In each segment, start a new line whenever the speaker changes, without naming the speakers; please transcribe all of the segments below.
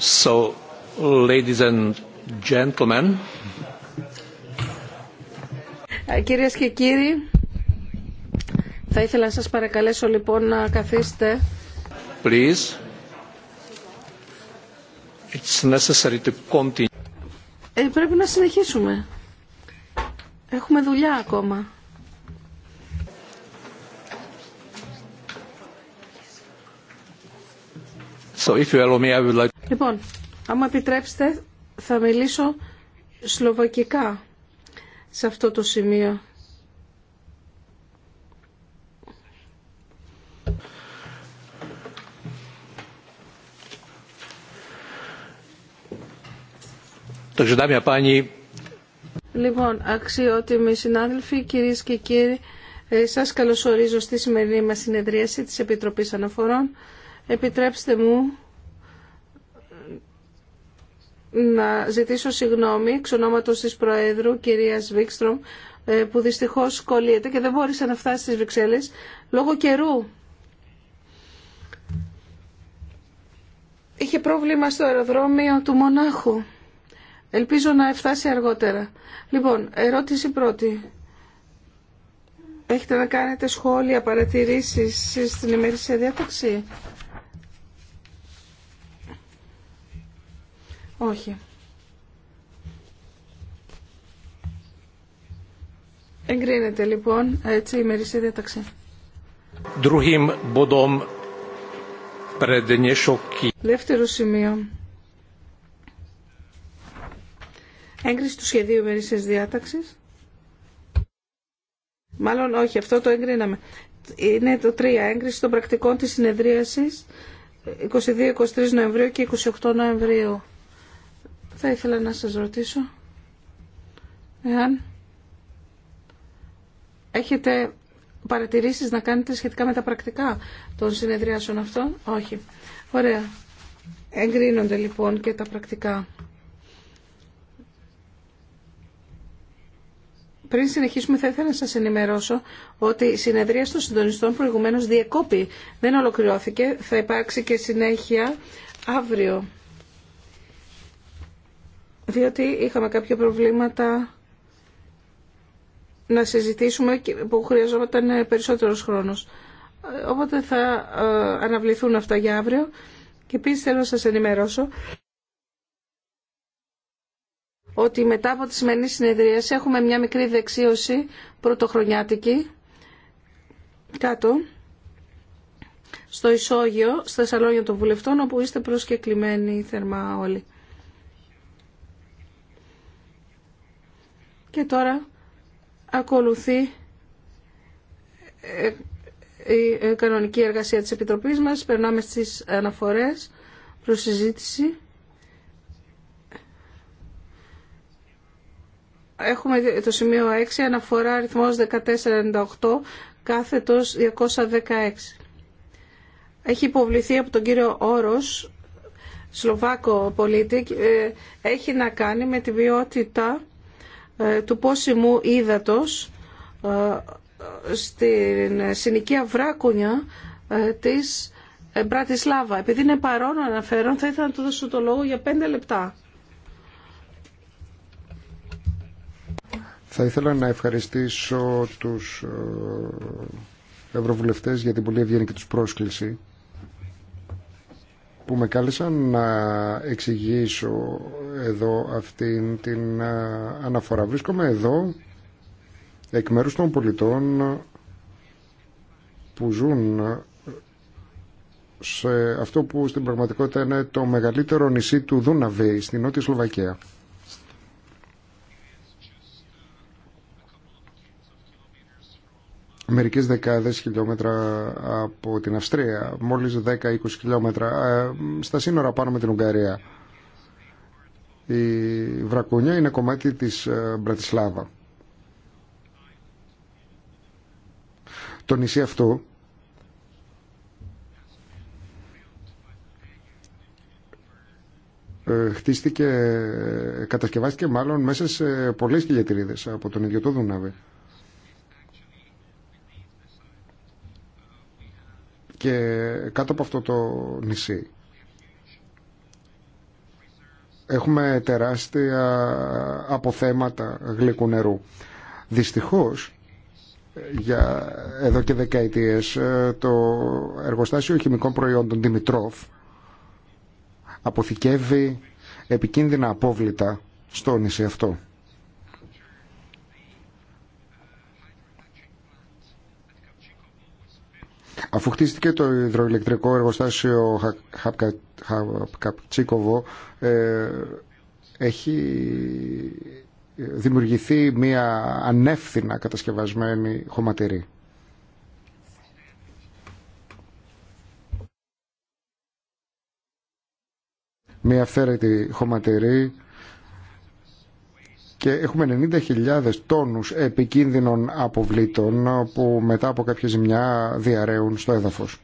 So, ladies and gentlemen.
Ε, κυρίες και κύριοι, θα ήθελα να σας παρακαλέσω λοιπόν να καθίσετε.
Please. It's necessary to continue.
Ε, πρέπει να συνεχίσουμε. Έχουμε δουλειά ακόμα.
So if you allow me, I would like...
Λοιπόν, άμα επιτρέψετε θα μιλήσω σλοβακικά σε αυτό το σημείο. Λοιπόν, αξιότιμοι συνάδελφοι, κυρίες και κύριοι, ε, σας καλωσορίζω στη σημερινή μας συνεδρίαση της Επιτροπής Αναφορών. Επιτρέψτε μου να ζητήσω συγγνώμη εξ ονόματος της Προέδρου κυρία Βίξτρομ ε, που δυστυχώς κολλείται και δεν μπόρεσε να φτάσει στις Βρυξέλλες λόγω καιρού. Είχε πρόβλημα στο αεροδρόμιο του Μονάχου. Ελπίζω να φτάσει αργότερα. Λοιπόν, ερώτηση πρώτη. Έχετε να κάνετε σχόλια, παρατηρήσεις στην ημερήσια διάταξη. Όχι. Εγκρίνεται λοιπόν έτσι η μερική διαταξή. Δεύτερο σημείο. Έγκριση του σχεδίου μερικής διάταξης. Μάλλον όχι, αυτό το εγκρίναμε. Είναι το 3. Έγκριση των πρακτικών της συνεδρίασης 22-23 Νοεμβρίου και 28 Νοεμβρίου. Θα ήθελα να σας ρωτήσω εάν έχετε παρατηρήσεις να κάνετε σχετικά με τα πρακτικά των συνεδριάσεων αυτών. Όχι. Ωραία. Εγκρίνονται λοιπόν και τα πρακτικά. Πριν συνεχίσουμε θα ήθελα να σας ενημερώσω ότι η συνεδρία των συντονιστών προηγουμένως διεκόπη δεν ολοκληρώθηκε. Θα υπάρξει και συνέχεια αύριο διότι είχαμε κάποια προβλήματα να συζητήσουμε που χρειαζόταν περισσότερος χρόνος. Οπότε θα ε, αναβληθούν αυτά για αύριο και επίση θέλω να σας ενημερώσω ότι μετά από τη σημερινή συνεδρία έχουμε μια μικρή δεξίωση πρωτοχρονιάτικη κάτω στο ισόγειο, στα σαλόνια των βουλευτών, όπου είστε προσκεκλημένοι θερμά όλοι. Και τώρα ακολουθεί ε, η ε, κανονική εργασία της Επιτροπής μας. Περνάμε στις αναφορές προς συζήτηση. Έχουμε το σημείο 6, αναφορά αριθμός 1498, κάθετος 216. Έχει υποβληθεί από τον κύριο Όρος, Σλοβάκο πολίτη, ε, έχει να κάνει με τη βιότητα ε, του πόσιμου ύδατος ε, στην συνοικία Βράκουνια ε, της Μπρατισλάβα. Επειδή είναι παρόν αναφέρον, θα ήθελα να του δώσω το λόγο για πέντε λεπτά.
Θα ήθελα να ευχαριστήσω τους ευρωβουλευτές για την πολύ ευγενική τους πρόσκληση που με κάλεσαν να εξηγήσω εδώ αυτήν την ε, αναφορά. Βρίσκομαι εδώ εκ μέρους των πολιτών που ζουν σε αυτό που στην πραγματικότητα είναι το μεγαλύτερο νησί του Δούναβη στην Νότια Σλοβακία. μερικές δεκάδες χιλιόμετρα από την Αυστρία, μόλις 10-20 χιλιόμετρα, ε, στα σύνορα πάνω με την Ουγγαρία. Η Βρακούνια είναι κομμάτι της ε, Μπρατισλάβα. Το νησί αυτό ε, χτίστηκε, κατασκευάστηκε μάλλον μέσα σε πολλές χιλιατηρίδες από τον ίδιο το Δούναβη. και κάτω από αυτό το νησί. Έχουμε τεράστια αποθέματα γλυκού νερού. Δυστυχώς, για εδώ και δεκαετίες, ε, το εργοστάσιο χημικών προϊόντων Δημητρόφ αποθηκεύει επικίνδυνα απόβλητα στο νησί αυτό. Αφού χτίστηκε το υδροηλεκτρικό εργοστάσιο Χαπκατσίκοβο, ε, έχει δημιουργηθεί μια ανεύθυνα κατασκευασμένη χωματερή. Μια αυθαίρετη χωματερή και έχουμε 90.000 τόνους επικίνδυνων αποβλήτων που μετά από κάποια ζημιά διαραίουν στο έδαφος.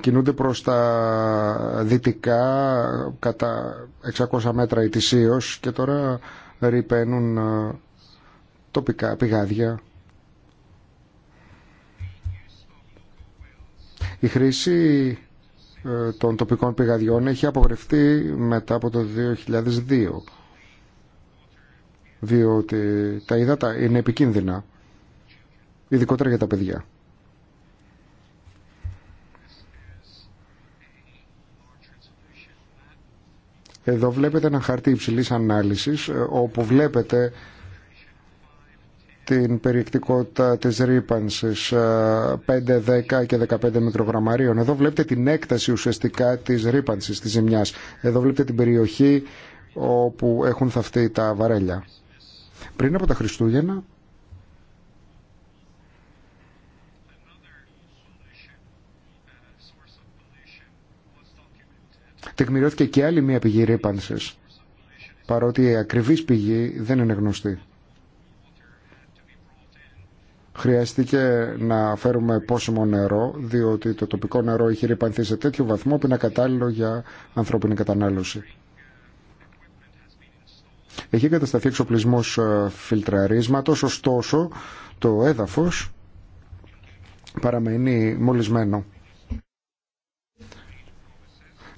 κινούνται προς τα δυτικά κατά 600 μέτρα ετησίως και τώρα ρηπαίνουν ε, τοπικά πηγάδια Η χρήση ε, των τοπικών πηγαδιών έχει απογρευτεί μετά από το 2002 διότι τα ύδατα είναι επικίνδυνα ειδικότερα για τα παιδιά. Εδώ βλέπετε ένα χαρτί υψηλής ανάλυσης ε, όπου βλέπετε την περιεκτικότητα της ρήπανση 5, 10 και 15 μικρογραμμαρίων. Εδώ βλέπετε την έκταση ουσιαστικά της ρήπανση της ζημιάς. Εδώ βλέπετε την περιοχή όπου έχουν θαυτεί τα βαρέλια. Πριν από τα Χριστούγεννα τεκμηριώθηκε και άλλη μία πηγή ρήπανσης παρότι η ακριβής πηγή δεν είναι γνωστή. Χρειάστηκε να φέρουμε πόσιμο νερό, διότι το τοπικό νερό έχει ρηπανθεί σε τέτοιο βαθμό που είναι κατάλληλο για ανθρώπινη κατανάλωση. Έχει κατασταθεί εξοπλισμό ε, φιλτραρίσματος, ωστόσο το έδαφος παραμένει μολυσμένο.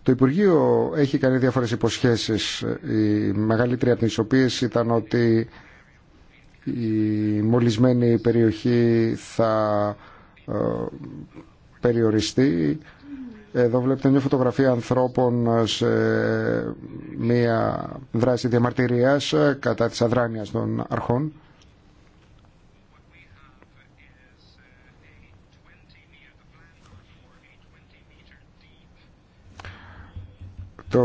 Το Υπουργείο έχει κάνει διάφορες υποσχέσεις, οι μεγαλύτερη από τις οποίες ήταν ότι η μολυσμένη περιοχή θα ε, περιοριστεί. Εδώ βλέπετε μια φωτογραφία ανθρώπων σε μια δράση διαμαρτυρίας κατά της αδράνειας των αρχών.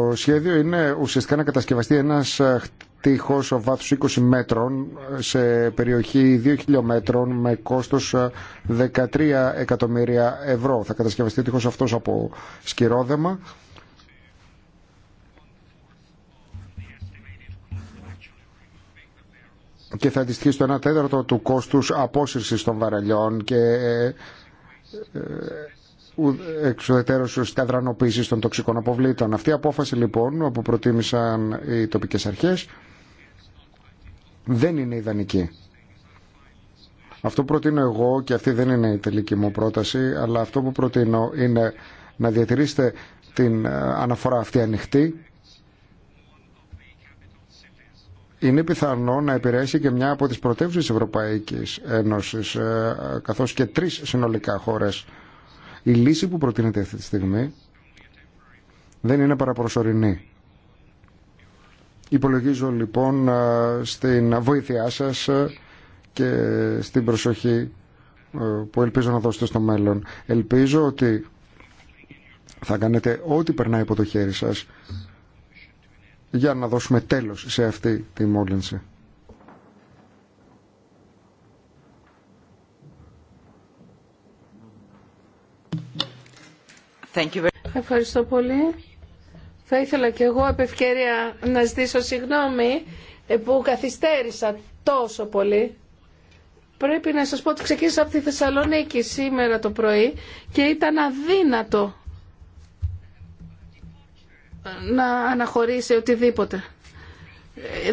Το σχέδιο είναι ουσιαστικά να κατασκευαστεί ένας ε, τείχος βάθους 20 μέτρων ε, σε περιοχή 2 χιλιόμετρων με κόστος 13 ε, εκατομμύρια ευρώ. Θα κατασκευαστεί ο τείχος αυτός από σκυρόδεμα. και θα αντιστοιχεί στο 1 τέταρτο του κόστους απόσυρσης των βαραλιών και εξουδετέρως της των τοξικών αποβλήτων. Αυτή η απόφαση λοιπόν που προτίμησαν οι τοπικές αρχές δεν είναι ιδανική. Αυτό που προτείνω εγώ και αυτή δεν είναι η τελική μου πρόταση αλλά αυτό που προτείνω είναι να διατηρήσετε την ε, αναφορά αυτή ανοιχτή είναι πιθανό να επηρεάσει και μια από τις πρωτεύουσες Ευρωπαϊκής Ένωσης ε, καθώς και τρεις συνολικά χώρες η λύση που προτείνεται αυτή τη στιγμή δεν είναι παραπροσωρινή. Υπολογίζω λοιπόν στην βοήθειά σας και στην προσοχή που ελπίζω να δώσετε στο μέλλον. Ελπίζω ότι θα κάνετε ό,τι περνάει από το χέρι σας για να δώσουμε τέλος σε αυτή τη μόλυνση.
Ευχαριστώ πολύ. Θα ήθελα και εγώ από ευκαιρία να ζητήσω συγγνώμη ε, που καθυστέρησα τόσο πολύ. Πρέπει να σας πω ότι ξεκίνησα από τη Θεσσαλονίκη σήμερα το πρωί και ήταν αδύνατο να αναχωρήσει οτιδήποτε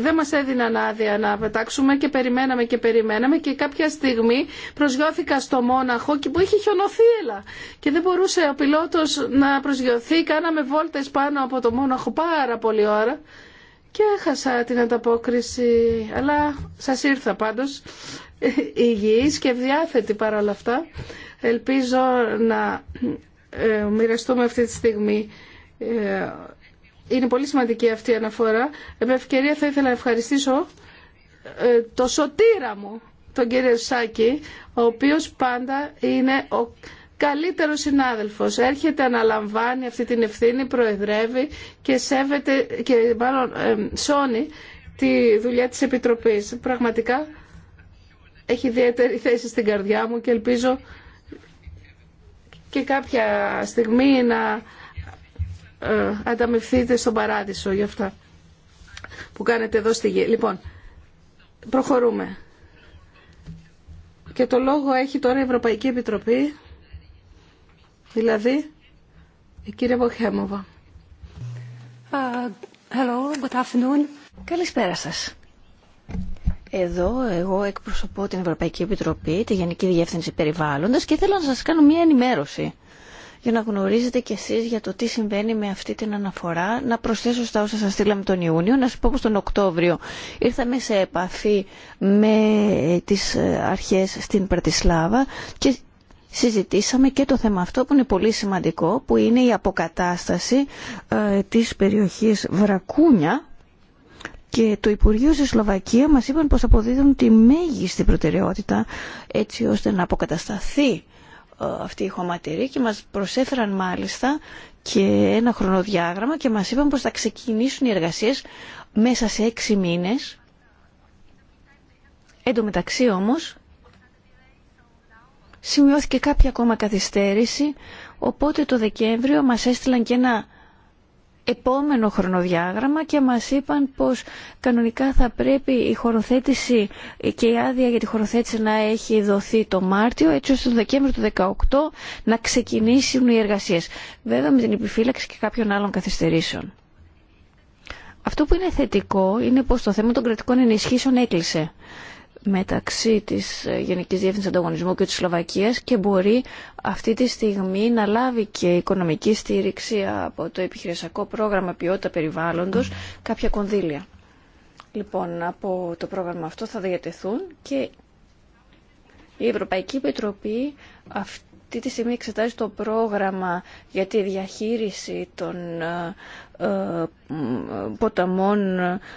δεν μας έδιναν άδεια να πετάξουμε και περιμέναμε και περιμέναμε και κάποια στιγμή προσγειώθηκα στο Μόναχο και που είχε έλα και δεν μπορούσε ο πιλότος να προσγειωθεί. Κάναμε βόλτες πάνω από το Μόναχο πάρα πολύ ώρα και έχασα την ανταπόκριση. Αλλά σας ήρθα πάντως ε, υγιής και διάθετη όλα αυτά. Ελπίζω να ε, μοιραστούμε αυτή τη στιγμή ε, είναι πολύ σημαντική αυτή η αναφορά. Με ευκαιρία θα ήθελα να ευχαριστήσω ε, το σωτήρα μου, τον κύριο Σάκη, ο οποίος πάντα είναι ο καλύτερος συνάδελφος. Έρχεται, αναλαμβάνει αυτή την ευθύνη, προεδρεύει και σέβεται και μάλλον ε, σώνει τη δουλειά της Επιτροπής. Πραγματικά έχει ιδιαίτερη θέση στην καρδιά μου και ελπίζω και κάποια στιγμή να ε, ανταμευθείτε στον παράδεισο για αυτά που κάνετε εδώ στη γη. Λοιπόν, προχωρούμε. Και το λόγο έχει τώρα η Ευρωπαϊκή Επιτροπή, δηλαδή η κυρία
Βοχέμοβα. hello, good afternoon. Καλησπέρα σας. Εδώ εγώ εκπροσωπώ την Ευρωπαϊκή Επιτροπή, τη Γενική Διεύθυνση Περιβάλλοντος και θέλω να σας κάνω μια ενημέρωση για να γνωρίζετε κι εσείς για το τι συμβαίνει με αυτή την αναφορά. Να προσθέσω στα όσα σας στείλαμε τον Ιούνιο, να σας πω πως τον Οκτώβριο ήρθαμε σε επαφή με τις αρχές στην Πρατισλάβα και συζητήσαμε και το θέμα αυτό που είναι πολύ σημαντικό, που είναι η αποκατάσταση ε, της περιοχής Βρακούνια, και το Υπουργείο στη Σλοβακία μας είπαν πως αποδίδουν τη μέγιστη προτεραιότητα έτσι ώστε να αποκατασταθεί αυτή η χωματεροί και μας προσέφεραν μάλιστα και ένα χρονοδιάγραμμα και μας είπαν πως θα ξεκινήσουν οι εργασίες μέσα σε έξι μήνες. Εν τω μεταξύ όμως σημειώθηκε κάποια ακόμα καθυστέρηση οπότε το Δεκέμβριο μας έστειλαν και ένα επόμενο χρονοδιάγραμμα και μας είπαν πως κανονικά θα πρέπει η χωροθέτηση και η άδεια για τη χωροθέτηση να έχει δοθεί το Μάρτιο έτσι ώστε το Δεκέμβριο του 2018 να ξεκινήσουν οι εργασίες. Βέβαια με την επιφύλαξη και κάποιων άλλων καθυστερήσεων. Αυτό που είναι θετικό είναι πως το θέμα των κρατικών ενισχύσεων έκλεισε μεταξύ της Γενικής Διεύθυνσης Ανταγωνισμού και της Σλοβακίας και μπορεί αυτή τη στιγμή να λάβει και οικονομική στήριξη από το επιχειρησιακό πρόγραμμα ποιότητα περιβάλλοντος κάποια κονδύλια. Λοιπόν, από το πρόγραμμα αυτό θα διατεθούν και η Ευρωπαϊκή Επιτροπή αυτή τη στιγμή εξετάζει το πρόγραμμα για τη διαχείριση των ε, ε, ποταμών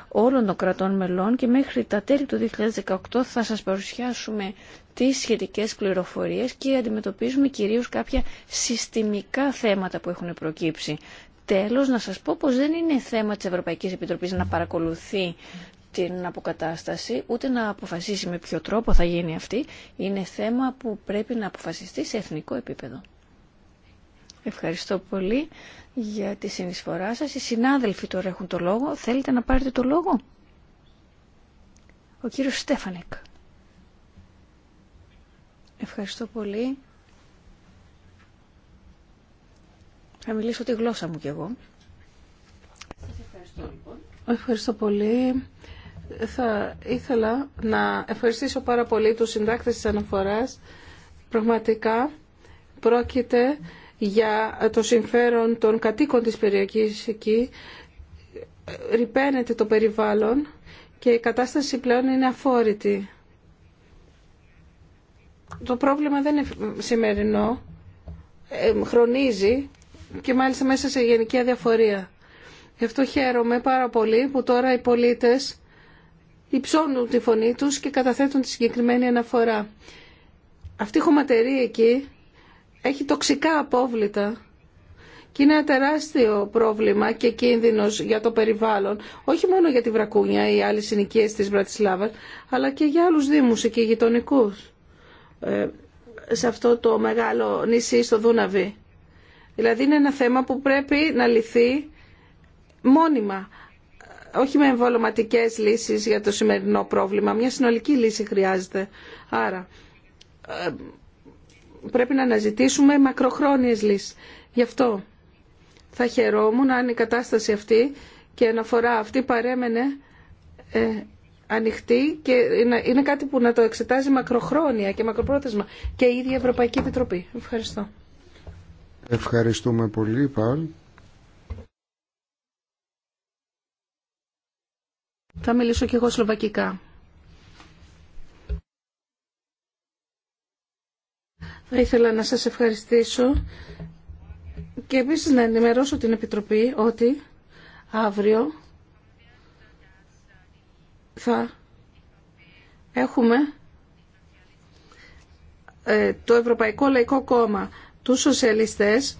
όλων των κρατών μελών και μέχρι τα τέλη του 2018 θα σας παρουσιάσουμε τις σχετικές πληροφορίες και αντιμετωπίζουμε κυρίως κάποια συστημικά θέματα που έχουν προκύψει. Τέλος, να σας πω πως δεν είναι θέμα της Ευρωπαϊκής Επιτροπής να παρακολουθεί την αποκατάσταση, ούτε να αποφασίσει με ποιο τρόπο θα γίνει αυτή. Είναι θέμα που πρέπει να αποφασιστεί σε εθνικό επίπεδο. Ευχαριστώ πολύ για τη συνεισφορά σας. Οι συνάδελφοι τώρα έχουν το λόγο. Θέλετε να πάρετε το λόγο. Ο κύριος Στέφανεκ. Ευχαριστώ πολύ. Θα μιλήσω τη γλώσσα μου κι εγώ. ευχαριστώ λοιπόν. Ευχαριστώ πολύ.
Θα ήθελα να ευχαριστήσω πάρα πολύ τους συντάκτες της αναφοράς. Πραγματικά πρόκειται για το συμφέρον των κατοίκων της περιοχής εκεί, ρηπαίνεται το περιβάλλον και η κατάσταση πλέον είναι αφόρητη. Το πρόβλημα δεν είναι σημερινό, ε, χρονίζει και μάλιστα μέσα σε γενική αδιαφορία. Γι' αυτό χαίρομαι πάρα πολύ που τώρα οι πολίτες υψώνουν τη φωνή τους και καταθέτουν τη συγκεκριμένη αναφορά. Αυτή η χωματερή εκεί έχει τοξικά απόβλητα και είναι ένα τεράστιο πρόβλημα και κίνδυνος για το περιβάλλον, όχι μόνο για τη Βρακούνια ή άλλες συνοικίες της Βρατισλάβας, αλλά και για άλλους δήμους και γειτονικού ε, σε αυτό το μεγάλο νησί στο Δούναβι. Δηλαδή είναι ένα θέμα που πρέπει να λυθεί μόνιμα, όχι με εμβολωματικές λύσεις για το σημερινό πρόβλημα. Μια συνολική λύση χρειάζεται. Άρα, ε, πρέπει να αναζητήσουμε μακροχρόνιες λύσεις. Γι' αυτό θα χαιρόμουν αν η κατάσταση αυτή και η αναφορά αυτή παρέμενε ε, ανοιχτή και είναι κάτι που να το εξετάζει μακροχρόνια και μακροπρόθεσμα και η ίδια Ευρωπαϊκή Επιτροπή. Ευχαριστώ.
Ευχαριστούμε πολύ πάλι.
Θα μιλήσω και εγώ σλοβακικά. Θα ήθελα να σας ευχαριστήσω και επίσης να ενημερώσω την Επιτροπή ότι αύριο θα έχουμε ε, το Ευρωπαϊκό Λαϊκό Κόμμα, τους σοσιαλιστές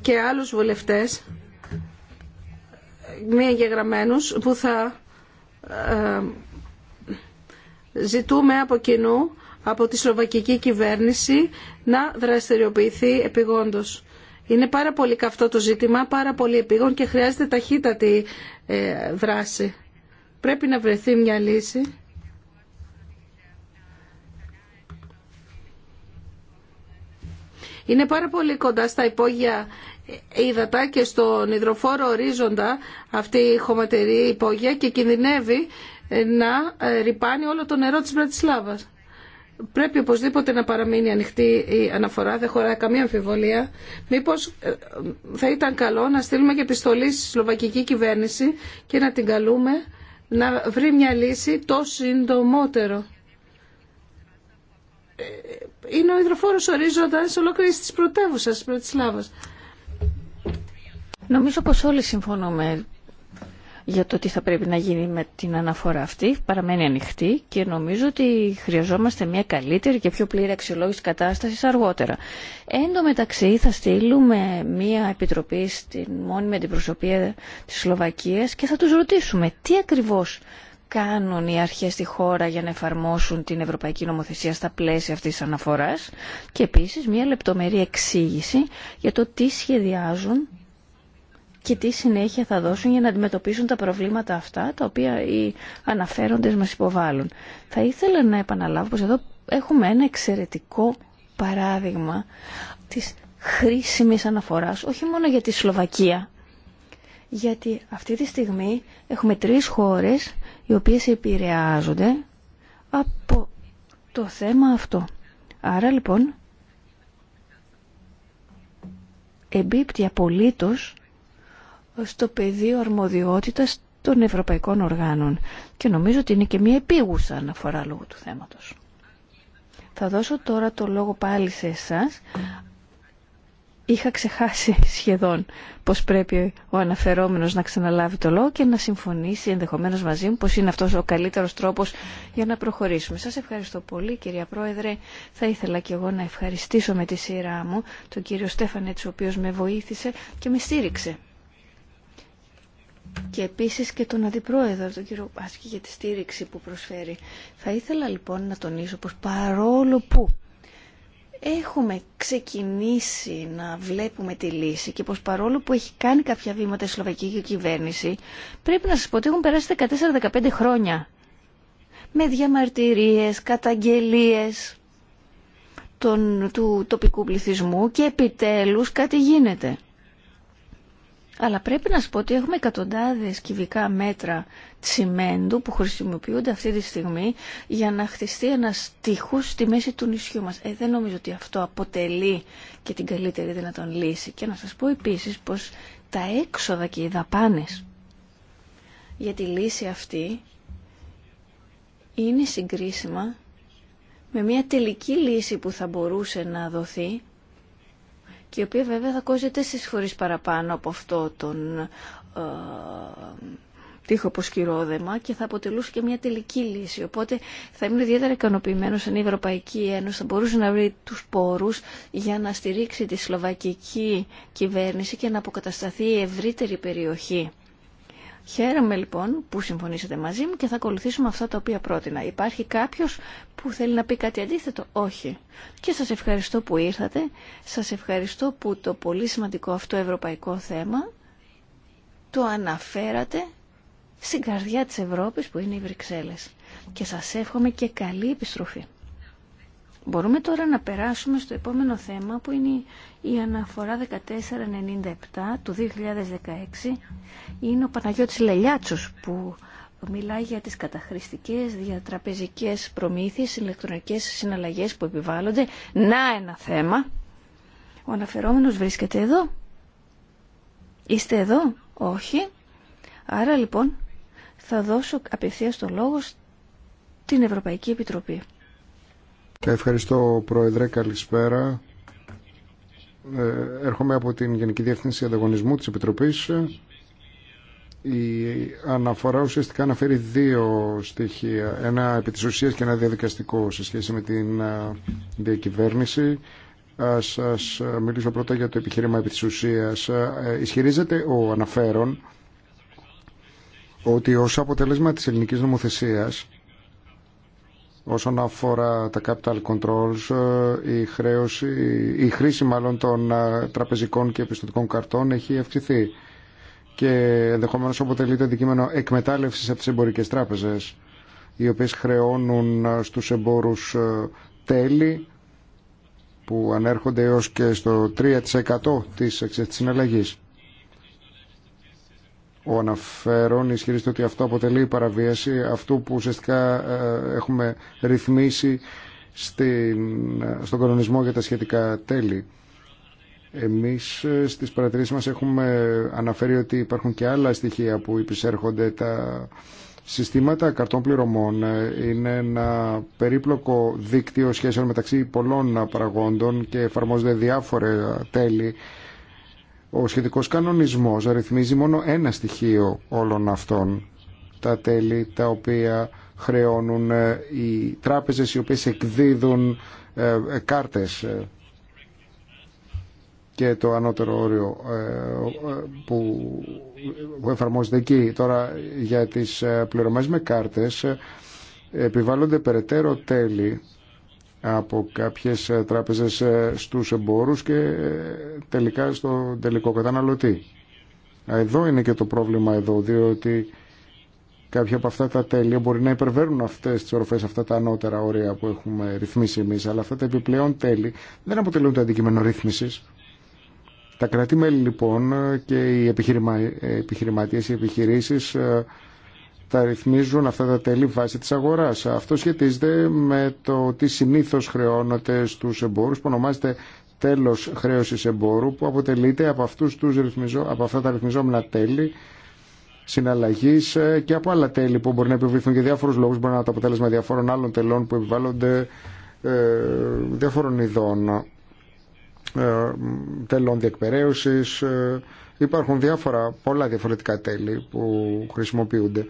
και άλλους βουλευτές μη εγγεγραμμένους που θα ε, ζητούμε από κοινού από τη Σλοβακική κυβέρνηση να δραστηριοποιηθεί επιγόντως. Είναι πάρα πολύ καυτό το ζήτημα, πάρα πολύ επίγον και χρειάζεται ταχύτατη ε, δράση. Πρέπει να βρεθεί μια λύση. Είναι πάρα πολύ κοντά στα υπόγεια ε, ύδατα και στον υδροφόρο ορίζοντα αυτή η χωματερή υπόγεια και κινδυνεύει ε, να ρηπάνει όλο το νερό της Μπρατισλάβας πρέπει οπωσδήποτε να παραμείνει ανοιχτή η αναφορά, δεν χωράει καμία αμφιβολία. Μήπως ε, θα ήταν καλό να στείλουμε και επιστολή στη Σλοβακική κυβέρνηση και να την καλούμε να βρει μια λύση το συντομότερο. Ε, είναι ο ορίζοντα ορίζοντας τη της τη Πρωτισλάβα.
Νομίζω πως όλοι συμφωνούμε για το τι θα πρέπει να γίνει με την αναφορά αυτή παραμένει ανοιχτή και νομίζω ότι χρειαζόμαστε μια καλύτερη και πιο πλήρη αξιολόγηση κατάσταση αργότερα. Εν τω μεταξύ θα στείλουμε μια επιτροπή στην μόνιμη αντιπροσωπεία της Σλοβακία και θα τους ρωτήσουμε τι ακριβώς κάνουν οι αρχές στη χώρα για να εφαρμόσουν την ευρωπαϊκή νομοθεσία στα πλαίσια αυτής της αναφοράς και επίσης μια λεπτομερή εξήγηση για το τι σχεδιάζουν και τι συνέχεια θα δώσουν για να αντιμετωπίσουν τα προβλήματα αυτά τα οποία οι αναφέροντες μας υποβάλλουν. Θα ήθελα να επαναλάβω πως εδώ έχουμε ένα εξαιρετικό παράδειγμα της χρήσιμης αναφοράς, όχι μόνο για τη Σλοβακία, γιατί αυτή τη στιγμή έχουμε τρεις χώρες οι οποίες επηρεάζονται από το θέμα αυτό. Άρα λοιπόν εμπίπτει απολύτως στο πεδίο αρμοδιότητας των ευρωπαϊκών οργάνων και νομίζω ότι είναι και μια επίγουσα αναφορά λόγω του θέματος. Θα δώσω τώρα το λόγο πάλι σε εσάς. Είχα ξεχάσει σχεδόν πως πρέπει ο αναφερόμενος να ξαναλάβει το λόγο και να συμφωνήσει ενδεχομένως μαζί μου πως είναι αυτός ο καλύτερος τρόπος για να προχωρήσουμε. Σας ευχαριστώ πολύ κυρία Πρόεδρε. Θα ήθελα και εγώ να ευχαριστήσω με τη σειρά μου τον κύριο Στέφανε, ο οποίος με βοήθησε και με στήριξε και επίσης και τον Αντιπρόεδρο, τον κύριο Πάσκη, για τη στήριξη που προσφέρει. Θα ήθελα λοιπόν να τονίσω πως παρόλο που έχουμε ξεκινήσει να βλέπουμε τη λύση και πως παρόλο που έχει κάνει κάποια βήματα η Σλοβακική κυβέρνηση, πρέπει να σας πω ότι έχουν περάσει 14-15 χρόνια με διαμαρτυρίες, καταγγελίες του τοπικού πληθυσμού και επιτέλους κάτι γίνεται. Αλλά πρέπει να σου πω ότι έχουμε εκατοντάδες κυβικά μέτρα τσιμέντου που χρησιμοποιούνται αυτή τη στιγμή για να χτιστεί ένα τείχο στη μέση του νησιού μας. Ε, δεν νομίζω ότι αυτό αποτελεί και την καλύτερη δυνατόν λύση. Και να σας πω επίσης πως τα έξοδα και οι δαπάνες για τη λύση αυτή είναι συγκρίσιμα με μια τελική λύση που θα μπορούσε να δοθεί και η οποία βέβαια θα κόζει τέσσερις φορές παραπάνω από αυτό τον ε, τείχο προσκυρόδεμα και θα αποτελούσε και μια τελική λύση. Οπότε θα ήμουν ιδιαίτερα ικανοποιημένο αν η Ευρωπαϊκή Ένωση θα μπορούσε να βρει τους πόρους για να στηρίξει τη σλοβακική κυβέρνηση και να αποκατασταθεί η ευρύτερη περιοχή Χαίρομαι λοιπόν που συμφωνήσατε μαζί μου και θα ακολουθήσουμε αυτά τα οποία πρότεινα. Υπάρχει κάποιος που θέλει να πει κάτι αντίθετο. Όχι. Και σας ευχαριστώ που ήρθατε. Σας ευχαριστώ που το πολύ σημαντικό αυτό ευρωπαϊκό θέμα το αναφέρατε στην καρδιά της Ευρώπης που είναι οι Βρυξέλλες. Και σας εύχομαι και καλή επιστροφή. Μπορούμε τώρα να περάσουμε στο επόμενο θέμα που είναι η αναφορά 1497 του 2016. Είναι ο Παναγιώτης Λελιάτσος που μιλάει για τις καταχρηστικές διατραπεζικές προμήθειες, ηλεκτρονικές συναλλαγές που επιβάλλονται. Να ένα θέμα. Ο αναφερόμενος βρίσκεται εδώ. Είστε εδώ. Όχι. Άρα λοιπόν θα δώσω απευθείας το λόγο στην Ευρωπαϊκή Επιτροπή.
Ευχαριστώ Πρόεδρε, καλησπέρα. Ε, έρχομαι από την Γενική Διεύθυνση Ανταγωνισμού της Επιτροπής. Η αναφορά ουσιαστικά αναφέρει δύο στοιχεία. Ένα επί της ουσίας και ένα διαδικαστικό σε σχέση με την ε, διακυβέρνηση. Ας σας μιλήσω πρώτα για το επιχείρημα επί της ουσίας. Ε, ισχυρίζεται ο αναφέρον ότι ως αποτέλεσμα της ελληνικής νομοθεσίας Όσον αφορά τα capital controls, ε, η, χρέωση, η χρήση μάλλον των ε, τραπεζικών και επιστοτικών καρτών έχει αυξηθεί και ενδεχομένως το αντικείμενο εκμετάλλευσης από τις εμπορικές τράπεζες οι οποίες χρεώνουν ε, στους εμπόρους τέλη που ανέρχονται έως και στο 3% της συναλλαγής. Ο αναφέρον ισχυρίζεται ότι αυτό αποτελεί παραβίαση αυτού που ουσιαστικά ε, έχουμε ρυθμίσει στον κανονισμό για τα σχετικά τέλη. Εμείς ε, στις παρατηρήσεις μας έχουμε αναφέρει ότι υπάρχουν και άλλα στοιχεία που υπησέρχονται τα συστήματα καρτών πληρωμών. Ε, είναι ένα περίπλοκο δίκτυο σχέσεων μεταξύ πολλών παραγόντων και εφαρμόζονται διάφορα τέλη ο σχετικός κανονισμός αριθμίζει μόνο ένα στοιχείο όλων αυτών, τα τέλη τα οποία χρεώνουν ε, οι τράπεζες οι οποίες εκδίδουν ε, ε, κάρτες και το ανώτερο όριο που εφαρμόζεται εκεί. Τώρα για τις πληρωμές με κάρτες επιβάλλονται περαιτέρω τέλη από κάποιες ε, τράπεζες ε, στους εμπόρους και ε, τελικά στον τελικό καταναλωτή. Εδώ είναι και το πρόβλημα εδώ, διότι κάποια από αυτά τα τέλη μπορεί να υπερβαίνουν αυτές τις οροφές, αυτά τα ανώτερα όρια που έχουμε ρυθμίσει εμείς, αλλά αυτά τα επιπλέον τέλη δεν αποτελούν το αντικείμενο ρύθμισης. Τα κρατη λοιπόν και οι επιχειρηματίες, οι επιχειρήσεις τα ρυθμίζουν αυτά τα τέλη βάσει της αγοράς. Αυτό σχετίζεται με το τι συνήθως χρεώνονται στους εμπόρους που ονομάζεται τέλος χρέωσης εμπόρου που αποτελείται από, αυτούς τους ρυθμιζό, από αυτά τα ρυθμιζόμενα τέλη συναλλαγή ε, και από άλλα τέλη που μπορεί να επιβληθούν για διάφορου λόγου. Μπορεί να είναι το αποτέλεσμα διαφόρων άλλων τελών που επιβάλλονται ε, διάφορων ειδών ε, τελών διεκπαιρέωση. Ε, υπάρχουν διάφορα, πολλά διαφορετικά τέλη που χρησιμοποιούνται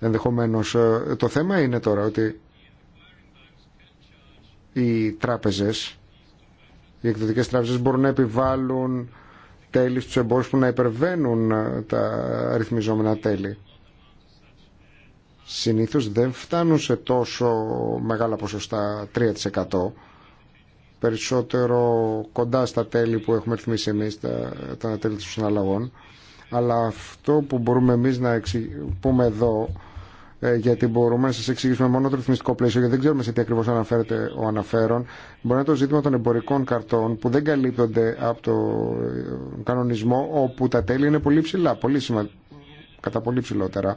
ενδεχομένως. Ε, το θέμα είναι τώρα ότι οι τράπεζες, οι εκδοτικές τράπεζες μπορούν να επιβάλλουν τέλη στους εμπόρους που να υπερβαίνουν ε, τα αριθμιζόμενα τέλη. Συνήθως δεν φτάνουν σε τόσο μεγάλα ποσοστά 3% περισσότερο κοντά στα τέλη που έχουμε ρυθμίσει εμείς τα, τα τέλη των συναλλαγών αλλά αυτό που μπορούμε εμείς να πούμε εδώ ε, γιατί μπορούμε να σα εξηγήσουμε μόνο το ρυθμιστικό πλαίσιο, γιατί δεν ξέρουμε σε τι ακριβώ αναφέρεται ο αναφέρον. Μπορεί να είναι το ζήτημα των εμπορικών καρτών που δεν καλύπτονται από το ε, κανονισμό, όπου τα τέλη είναι πολύ ψηλά, πολύ κατά πολύ ψηλότερα.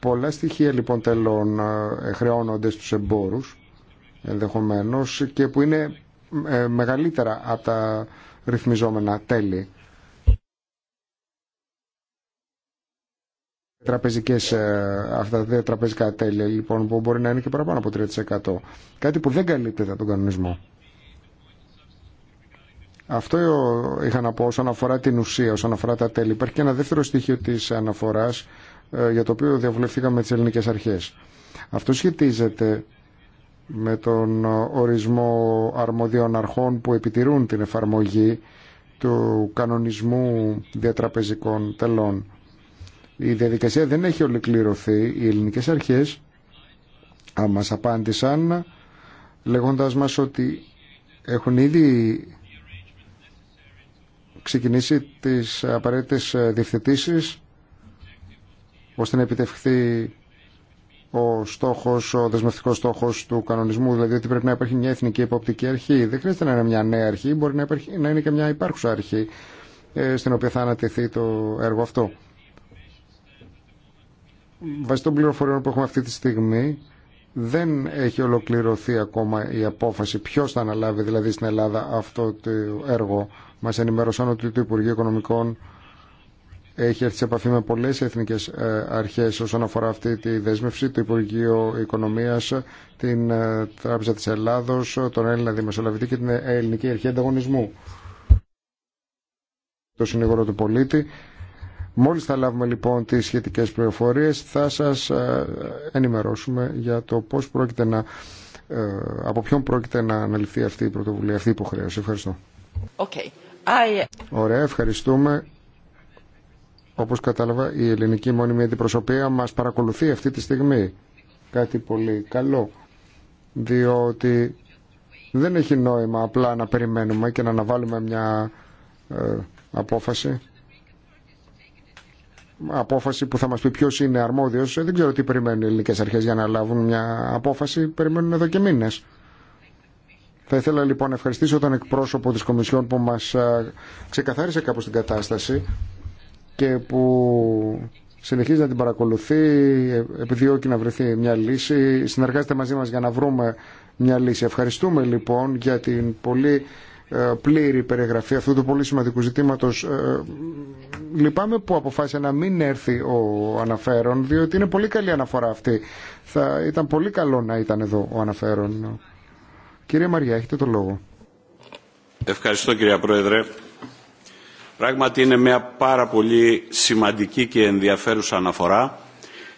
Πολλά στοιχεία λοιπόν τελών ε, χρεώνονται στους εμπόρου ενδεχομένω και που είναι μεγαλύτερα από τα ρυθμιζόμενα τέλη. τραπεζικές, ε, αυτά τα τραπεζικά τέλη λοιπόν που μπορεί να είναι και παραπάνω από 3% κάτι που δεν καλύπτεται από τον κανονισμό αυτό είχα να πω όσον αφορά την ουσία, όσον αφορά τα τέλη. Υπάρχει και ένα δεύτερο στοιχείο της αναφοράς ε, για το οποίο διαβουλευτήκαμε τις ελληνικές αρχές. Αυτό σχετίζεται με τον ορισμό αρμοδίων αρχών που επιτηρούν την εφαρμογή του κανονισμού διατραπεζικών τελών. Η διαδικασία δεν έχει ολοκληρωθεί. Οι ελληνικές αρχές μας απάντησαν λέγοντας μας ότι έχουν ήδη ξεκινήσει τις απαραίτητες διευθετήσεις ώστε να επιτευχθεί ο στόχος, ο δεσμευτικός στόχος του κανονισμού, δηλαδή ότι πρέπει να υπάρχει μια εθνική υποπτική αρχή. Δεν χρειάζεται να είναι μια νέα αρχή, μπορεί να, να είναι και μια υπάρχουσα αρχή ε, στην οποία θα ανατεθεί το έργο αυτό βασικό των πληροφοριών που έχουμε αυτή τη στιγμή δεν έχει ολοκληρωθεί ακόμα η απόφαση ποιος θα αναλάβει δηλαδή στην Ελλάδα αυτό το έργο. Μας ενημερωσαν ότι το Υπουργείο Οικονομικών έχει έρθει σε επαφή με πολλές εθνικές ε, αρχές όσον αφορά αυτή τη δέσμευση, το Υπουργείο Οικονομίας, την ε, Τράπεζα της Ελλάδος, τον Έλληνα Δημοσιολαβητή και την Ελληνική Αρχή Ανταγωνισμού. Το Συνήγορο του Πολίτη Μόλις θα λάβουμε λοιπόν τις σχετικές πληροφορίες θα σας ε, ενημερώσουμε για το πώς πρόκειται να, ε, από ποιον πρόκειται να αναλυθεί αυτή η πρωτοβουλία, αυτή η υποχρέωση. Ευχαριστώ.
Okay. I...
Ωραία, ευχαριστούμε. Όπως κατάλαβα η ελληνική μόνιμη αντιπροσωπεία μας παρακολουθεί αυτή τη στιγμή. Κάτι πολύ καλό. Διότι δεν έχει νόημα απλά να περιμένουμε και να αναβάλουμε μια ε, απόφαση απόφαση που θα μας πει ποιος είναι αρμόδιος. Δεν ξέρω τι περιμένουν οι ελληνικές αρχές για να λάβουν μια απόφαση. Περιμένουν εδώ και μήνες. Θα ήθελα λοιπόν να ευχαριστήσω τον εκπρόσωπο της Κομισιόν που μας ξεκαθάρισε κάπως την κατάσταση και που συνεχίζει να την παρακολουθεί, ε, επιδιώκει να βρεθεί μια λύση, συνεργάζεται μαζί μας για να βρούμε μια λύση. Ευχαριστούμε λοιπόν για την πολύ ε, πλήρη περιγραφή αυτού του πολύ σημαντικού ζητήματος. Ε, λυπάμαι που αποφάσισε να μην έρθει ο αναφέρον, διότι είναι πολύ καλή αναφορά αυτή. Θα ήταν πολύ καλό να ήταν εδώ ο αναφέρον. Κύριε Μαριά, έχετε το λόγο.
Ευχαριστώ κύριε Πρόεδρε. Πράγματι είναι μια πάρα πολύ σημαντική και ενδιαφέρουσα αναφορά.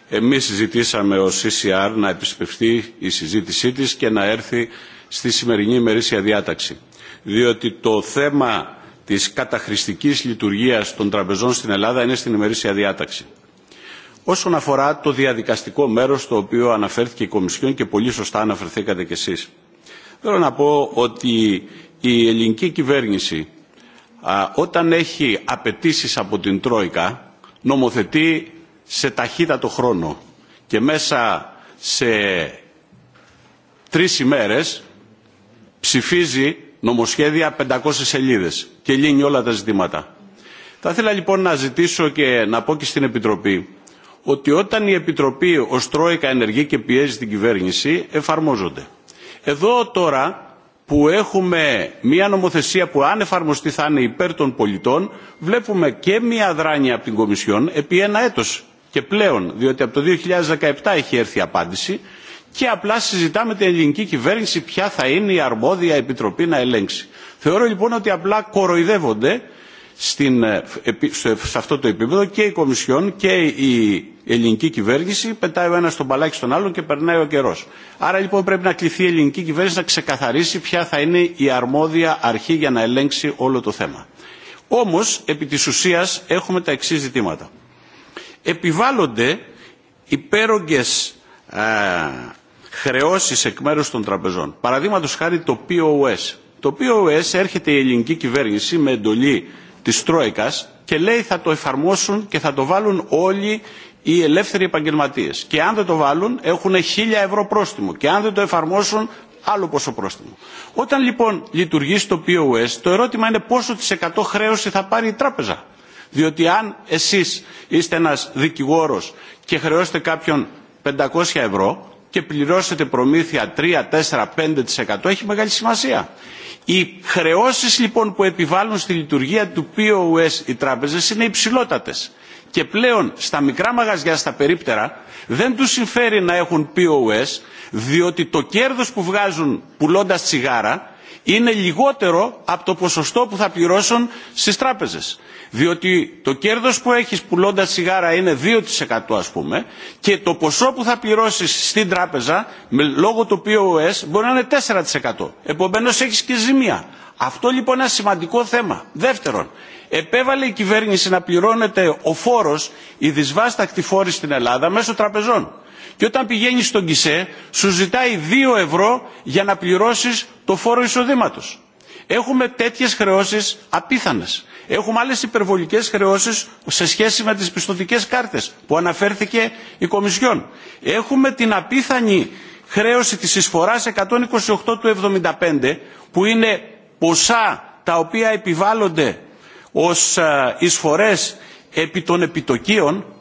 Εμείς συζητήσαμε ο CCR να επισπευθεί η συζήτησή της και να έρθει στη σημερινή ημερήσια διάταξη διότι το θέμα της καταχρηστικής λειτουργίας των τραπεζών στην Ελλάδα είναι στην ημερήσια διάταξη. Όσον αφορά το διαδικαστικό μέρος το οποίο αναφέρθηκε η Κομισιόν και πολύ σωστά αναφερθήκατε κι εσείς, θέλω να πω ότι η ελληνική κυβέρνηση όταν έχει απαιτήσει από την Τρόικα νομοθετεί σε ταχύτατο χρόνο και μέσα σε τρεις ημέρες ψηφίζει νομοσχέδια 500 σελίδες και λύνει όλα τα ζητήματα. Θα ήθελα λοιπόν να ζητήσω και να πω και στην Επιτροπή ότι όταν η Επιτροπή ω Τρόικα ενεργεί και πιέζει την κυβέρνηση εφαρμόζονται. Εδώ τώρα που έχουμε μια νομοθεσία που αν εφαρμοστεί θα είναι υπέρ των πολιτών βλέπουμε και μια δράνεια από την Κομισιόν επί ένα έτος και πλέον διότι από το 2017 έχει έρθει απάντηση και απλά συζητάμε την ελληνική κυβέρνηση ποια θα είναι η αρμόδια επιτροπή να ελέγξει. Θεωρώ λοιπόν ότι απλά κοροϊδεύονται στην, ε, σε αυτό το επίπεδο και η Κομισιόν και η ελληνική κυβέρνηση πετάει ο ένα τον παλάκι στον άλλον και περνάει ο καιρό. Άρα λοιπόν πρέπει να κληθεί η ελληνική κυβέρνηση να ξεκαθαρίσει ποια θα είναι η αρμόδια αρχή για να ελέγξει όλο το θέμα. Όμω, επί τη ουσία έχουμε τα εξή ζητήματα. Επιβάλλονται υπέρογγε ε, χρεώσεις εκ μέρους των τραπεζών. Παραδείγματος χάρη το POS. Το POS έρχεται η ελληνική κυβέρνηση με εντολή της Τρόικας και λέει θα το εφαρμόσουν και θα το βάλουν όλοι οι ελεύθεροι επαγγελματίες. Και αν δεν το βάλουν έχουν χίλια ευρώ πρόστιμο και αν δεν το εφαρμόσουν άλλο πόσο πρόστιμο. Όταν λοιπόν λειτουργήσει το POS, το ερώτημα είναι πόσο της εκατό χρέωση θα πάρει η τράπεζα. Διότι αν εσείς είστε ένας δικηγόρος και χρεώσετε κάποιον 500 ευρώ, και πληρώσετε προμήθεια 3-4-5% έχει μεγάλη σημασία. Οι χρεώσεις λοιπόν που επιβάλλουν στη λειτουργία του POS οι τράπεζες είναι υψηλότατες. Και πλέον στα μικρά μαγαζιά, στα περίπτερα, δεν τους συμφέρει να έχουν POS, διότι το κέρδος που βγάζουν πουλώντας τσιγάρα είναι λιγότερο από το ποσοστό που θα πληρώσουν στις τράπεζες. Διότι το κέρδος που έχεις πουλώντας σιγάρα είναι 2% ας πούμε και το ποσό που θα πληρώσεις στην τράπεζα με, λόγω του POS μπορεί να είναι 4%. Επομένως έχεις και ζημία. Αυτό λοιπόν είναι ένα σημαντικό θέμα. Δεύτερον, επέβαλε η κυβέρνηση να πληρώνεται ο φόρος, η δυσβάστακτη φόρη στην Ελλάδα μέσω τραπεζών και όταν πηγαίνεις στον Κισέ σου ζητάει 2 ευρώ για να πληρώσεις το φόρο εισοδήματος. Έχουμε τέτοιες χρεώσεις απίθανες. Έχουμε άλλες υπερβολικές χρεώσεις σε σχέση με τις πιστοτικές κάρτες που αναφέρθηκε η Κομισιόν. Έχουμε την απίθανη χρέωση της εισφοράς 128 του 75 που είναι ποσά τα οποία επιβάλλονται ως ε, εισφορές επί των επιτοκίων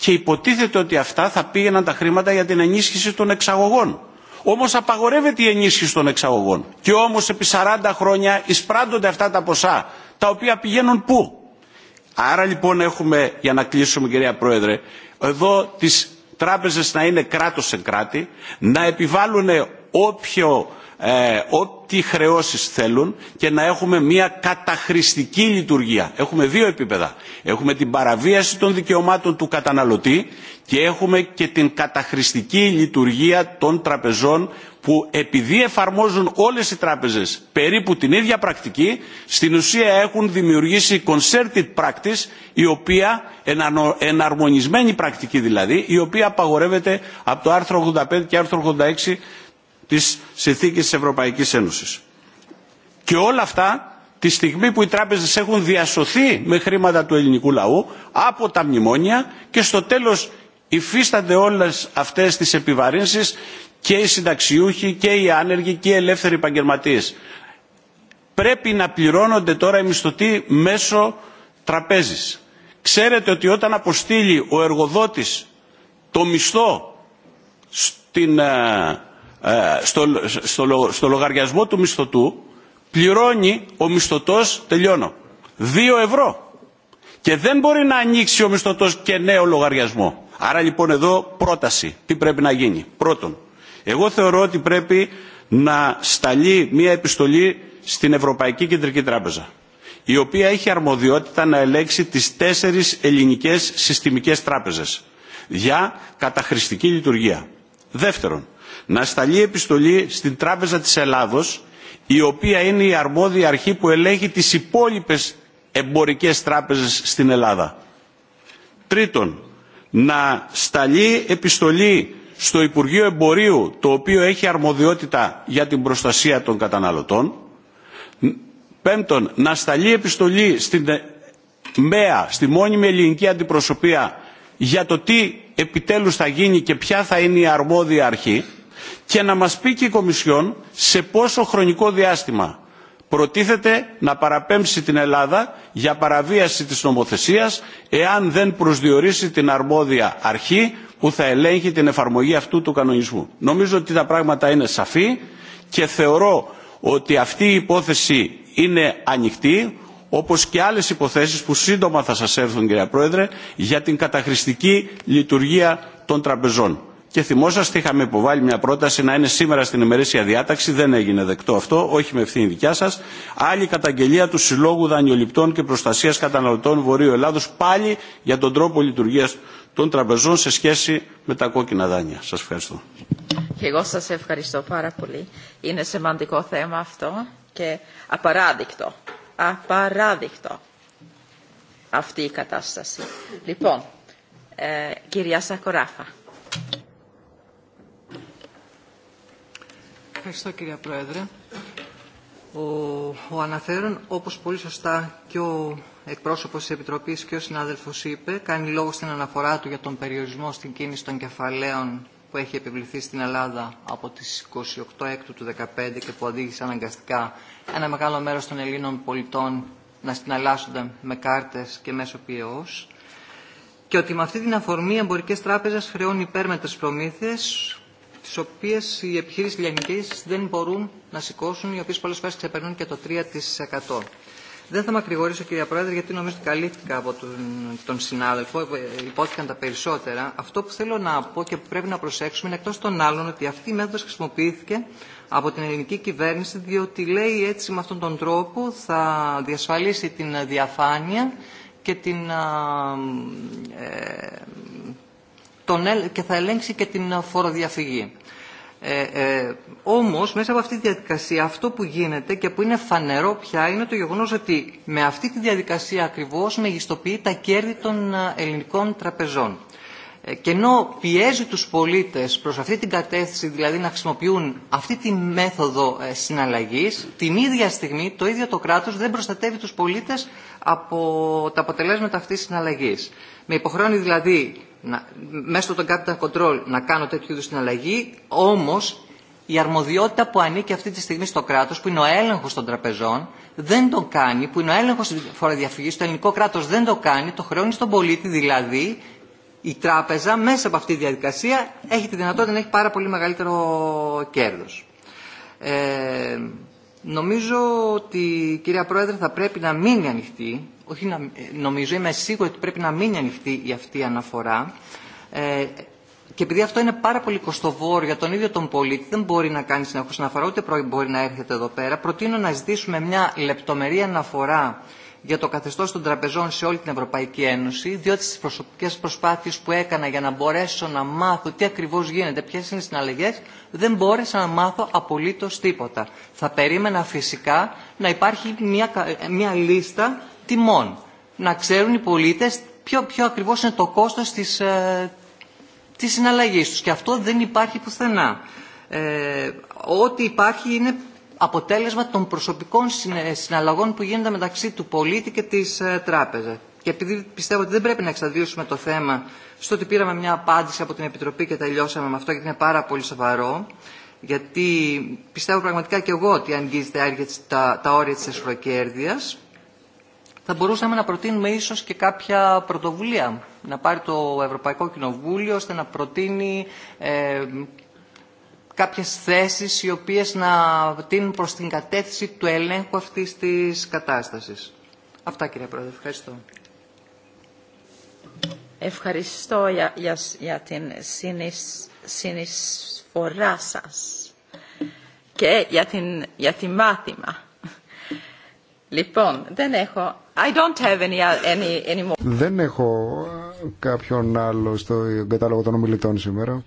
και υποτίθεται ότι αυτά θα πήγαιναν τα χρήματα για την ενίσχυση των εξαγωγών. Όμω απαγορεύεται η ενίσχυση των εξαγωγών. Και όμω επί 40 χρόνια εισπράττονται αυτά τα ποσά, τα οποία πηγαίνουν πού. Άρα λοιπόν έχουμε, για να κλείσουμε κυρία Πρόεδρε, εδώ τις τράπεζες να είναι κράτος σε κράτη, να επιβάλλουν όποιο ε, ό,τι χρεώσεις θέλουν και να έχουμε μια καταχρηστική λειτουργία. Έχουμε δύο επίπεδα. Έχουμε την παραβίαση των δικαιωμάτων του καταναλωτή και έχουμε και την καταχρηστική λειτουργία των τραπεζών που επειδή εφαρμόζουν όλες οι τράπεζες περίπου την ίδια πρακτική στην ουσία έχουν δημιουργήσει concerted practice η οποία εναρμονισμένη πρακτική δηλαδή η οποία απαγορεύεται από το άρθρο 85 και άρθρο 86 της συνθήκης της Ευρωπαϊκής Ένωσης. Και όλα αυτά τη στιγμή που οι τράπεζες έχουν διασωθεί με χρήματα του ελληνικού λαού από τα μνημόνια και στο τέλος υφίστανται όλες αυτές τις επιβαρύνσεις και οι συνταξιούχοι και οι άνεργοι και οι ελεύθεροι επαγγελματίε. Πρέπει να πληρώνονται τώρα οι μισθωτοί μέσω τραπέζης. Ξέρετε ότι όταν αποστείλει ο εργοδότης το μισθό στην ε, ε, στο λογαριασμό του μισθωτού πληρώνει ο μισθωτός, τελειώνω, 2 ευρώ. Και δεν μπορεί να ανοίξει ο μισθωτός και νέο λογαριασμό. Άρα λοιπόν εδώ πρόταση. Τι πρέπει να γίνει. Πρώτον, εγώ θεωρώ ότι πρέπει να σταλεί μια επιστολή στην Ευρωπαϊκή Κεντρική Τράπεζα η οποία έχει αρμοδιότητα να ελέγξει τις τέσσερις ελληνικές συστημικές τράπεζες για καταχρηστική λειτουργία. Δεύτερον, να σταλεί επιστολή στην Τράπεζα της Ελλάδος, η οποία είναι η αρμόδια αρχή που ελέγχει τις υπόλοιπες εμπορικές τράπεζες στην Ελλάδα. Τρίτον, να σταλεί επιστολή στο Υπουργείο Εμπορίου, το οποίο έχει αρμοδιότητα για την προστασία των καταναλωτών. Πέμπτον, να σταλεί επιστολή στην ΜΕΑ, στη μόνιμη ελληνική αντιπροσωπεία, για το τι επιτέλους θα γίνει και ποια θα είναι η αρμόδια αρχή και να μας πει και η Κομισιόν σε πόσο χρονικό διάστημα προτίθεται να παραπέμψει την Ελλάδα για παραβίαση της νομοθεσίας εάν δεν προσδιορίσει την αρμόδια αρχή που θα ελέγχει την εφαρμογή αυτού του κανονισμού. Νομίζω ότι τα πράγματα είναι σαφή και θεωρώ ότι αυτή η υπόθεση είναι ανοιχτή όπως και άλλες υποθέσεις που σύντομα θα σας έρθουν κυρία Πρόεδρε για την καταχρηστική λειτουργία των τραπεζών και θυμόσαστε είχαμε υποβάλει μια πρόταση να είναι σήμερα στην ημερήσια διάταξη, δεν έγινε δεκτό αυτό, όχι με ευθύνη δικιά σας. Άλλη καταγγελία του Συλλόγου Δανειοληπτών και Προστασίας Καταναλωτών Βορείου Ελλάδος πάλι για τον τρόπο λειτουργία των τραπεζών σε σχέση με τα κόκκινα δάνεια. Σας ευχαριστώ.
Και εγώ σας ευχαριστώ πάρα πολύ. Είναι σημαντικό
θέμα αυτό και απαράδεικτο. Απαράδεικτο αυτή η κατάσταση. Λοιπόν, ε, κυρία Σακοράφα.
Ευχαριστώ κύριε Πρόεδρε. Ο, ο αναφέρον, όπως πολύ σωστά και ο εκπρόσωπος της Επιτροπής και ο συνάδελφος είπε, κάνει λόγο στην αναφορά του για τον περιορισμό στην κίνηση των κεφαλαίων που έχει επιβληθεί στην Ελλάδα από τις 28 Έκτου του 2015 και που οδήγησε αναγκαστικά ένα μεγάλο μέρος των Ελλήνων πολιτών να συναλλάσσονται με κάρτες και μέσω ποιεώς και ότι με αυτή την αφορμή οι εμπορικές τράπεζες χρεώνουν υπέρμετρες προμήθειες τις οποίες οι επιχειρήσεις λιανικές δεν μπορούν να σηκώσουν, οι οποίες πολλές φορές ξεπερνούν και το 3%. Δεν θα με ακρηγορήσω, κυρία Πρόεδρε, γιατί νομίζω ότι καλύφθηκα από τον, τον συνάδελφο, ε, υπόθηκαν τα περισσότερα. Αυτό που θέλω να πω και που πρέπει να προσέξουμε είναι εκτό των άλλων ότι αυτή η μέθοδος χρησιμοποιήθηκε από την ελληνική κυβέρνηση, διότι λέει έτσι με αυτόν τον τρόπο θα διασφαλίσει την διαφάνεια και την, ε, και θα ελέγξει και την φοροδιαφυγή. Ε, ε, όμως μέσα από αυτή τη διαδικασία αυτό που γίνεται και που είναι φανερό πια είναι το γεγονός ότι με αυτή τη διαδικασία ακριβώς μεγιστοποιεί τα κέρδη των ε, ελληνικών τραπεζών. Ε, και ενώ πιέζει τους πολίτες προς αυτή την κατεύθυνση, δηλαδή να χρησιμοποιούν αυτή τη μέθοδο ε, συναλλαγής, την ίδια στιγμή το ίδιο το κράτος δεν προστατεύει τους πολίτες από τα αποτελέσματα αυτής της συναλλαγής. Με υποχρεώνει δηλαδή να, μέσω των capital control να κάνω τέτοιου είδους συναλλαγή, όμως η αρμοδιότητα που ανήκει αυτή τη στιγμή στο κράτος, που είναι ο έλεγχος των τραπεζών, δεν το κάνει, που είναι ο έλεγχος της φοροδιαφυγής, το ελληνικό κράτος δεν το κάνει, το χρεώνει στον πολίτη δηλαδή η τράπεζα μέσα από αυτή τη διαδικασία έχει τη δυνατότητα να έχει πάρα πολύ μεγαλύτερο κέρδος. Ε, νομίζω ότι, κυρία Πρόεδρε, θα πρέπει να μείνει ανοιχτή, όχι να, ε, νομίζω, είμαι σίγουρη ότι πρέπει να μείνει ανοιχτή η αυτή αναφορά, ε, και επειδή αυτό είναι πάρα πολύ κοστοβόρο για τον ίδιο τον πολίτη, δεν μπορεί να κάνει συνεχώ αναφορά, ούτε μπορεί να έρχεται εδώ πέρα. Προτείνω να ζητήσουμε μια λεπτομερή αναφορά για το καθεστώ των τραπεζών σε όλη την Ευρωπαϊκή Ένωση, διότι στι προσωπικέ προσπάθειε που έκανα για να μπορέσω να μάθω τι ακριβώ γίνεται, ποιε είναι οι συναλλαγέ, δεν μπόρεσα να μάθω απολύτω τίποτα. Θα περίμενα φυσικά να υπάρχει μια, μια λίστα τιμών. Να ξέρουν οι πολίτε ποιο, ποιο ακριβώ είναι το κόστο τη ε, της συναλλαγής τους. Και αυτό δεν υπάρχει πουθενά. Ε, ό,τι υπάρχει είναι αποτέλεσμα των προσωπικών συναλλαγών που γίνονται μεταξύ του πολίτη και της ε, τράπεζα. Και επειδή πιστεύω ότι δεν πρέπει να εξαδίωσουμε το θέμα στο ότι πήραμε μια απάντηση από την Επιτροπή και τελειώσαμε με αυτό, γιατί είναι πάρα πολύ σοβαρό, γιατί πιστεύω πραγματικά και εγώ ότι αγγίζεται τα, τα όρια της εσχροκέρδειας, θα μπορούσαμε να προτείνουμε ίσως και κάποια πρωτοβουλία. Να πάρει το Ευρωπαϊκό Κοινοβούλιο ώστε να προτείνει ε, κάποιες θέσεις οι οποίες να τίνουν προς την κατέθεση του ελέγχου αυτής της κατάστασης. Αυτά κύριε Πρόεδρε. Ευχαριστώ.
Ευχαριστώ για, για, την συνεισφορά σας και για την, μάθημα. Λοιπόν, δεν έχω... I don't have any,
any, any
Δεν έχω κάποιον άλλο στο κατάλογο των ομιλητών σήμερα.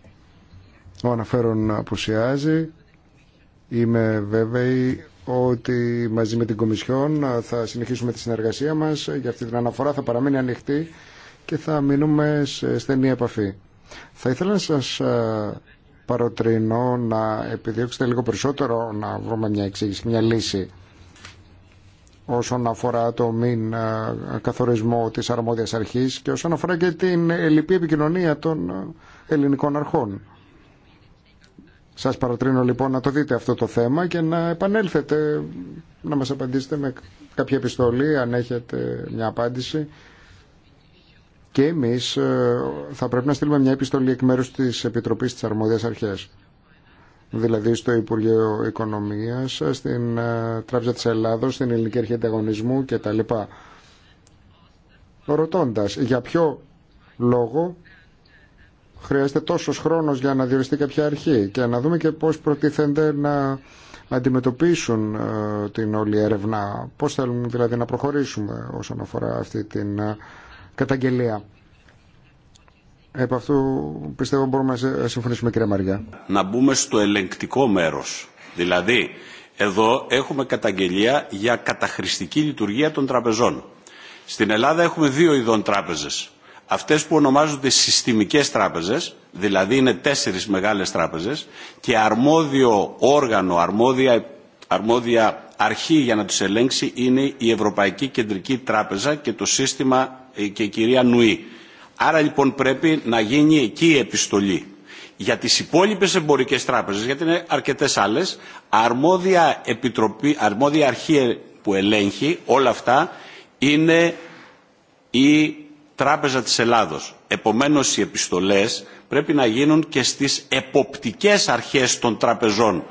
Ό αναφέρον απουσιάζει. Είμαι βέβαιη ότι μαζί με την Κομισιόν θα συνεχίσουμε τη συνεργασία μας για αυτή την αναφορά θα παραμείνει ανοιχτή και θα μείνουμε σε στενή επαφή. Θα ήθελα να σας παροτρινώ να επιδιώξετε λίγο περισσότερο να βρούμε μια εξήγηση, μια λύση όσον αφορά το μην καθορισμό της αρμόδιας αρχής και όσον αφορά και την ελληπή επικοινωνία των ελληνικών αρχών. Σας παροτρύνω λοιπόν να το δείτε αυτό το θέμα και να επανέλθετε να μας απαντήσετε με κάποια επιστολή αν έχετε μια απάντηση και εμείς ε, θα πρέπει να στείλουμε μια επιστολή εκ μέρους της Επιτροπής της Αρμόδιας Αρχές δηλαδή στο Υπουργείο Οικονομίας, στην ε, Τράπεζα της Ελλάδος, στην Ελληνική Αρχή Ανταγωνισμού κτλ. Ρωτώντας για ποιο λόγο χρειάζεται τόσο χρόνος για να διοριστεί κάποια αρχή και να δούμε και πώς προτίθενται να αντιμετωπίσουν ε, την όλη έρευνα, πώς θέλουν δηλαδή να προχωρήσουμε όσον αφορά αυτή την ε, καταγγελία. Επ' αυτού πιστεύω μπορούμε να συμφωνήσουμε κύριε Μαριά.
Να μπούμε στο ελεγκτικό μέρος. Δηλαδή, εδώ έχουμε καταγγελία για καταχρηστική λειτουργία των τραπεζών. Στην Ελλάδα έχουμε δύο ειδών τράπεζες αυτές που ονομάζονται συστημικές τράπεζες, δηλαδή είναι τέσσερις μεγάλες τράπεζες και αρμόδιο όργανο, αρμόδια, αρμόδια αρχή για να τους ελέγξει είναι η Ευρωπαϊκή Κεντρική Τράπεζα και το σύστημα ε, και η κυρία Νουή. Άρα λοιπόν πρέπει να γίνει εκεί η επιστολή. Για τις υπόλοιπες εμπορικές τράπεζες, γιατί είναι αρκετές άλλες, αρμόδια, αρμόδια αρχή που ελέγχει όλα αυτά είναι η Τράπεζα της Ελλάδος. Επομένως οι επιστολές πρέπει να γίνουν και στις εποπτικές αρχές των τραπεζών.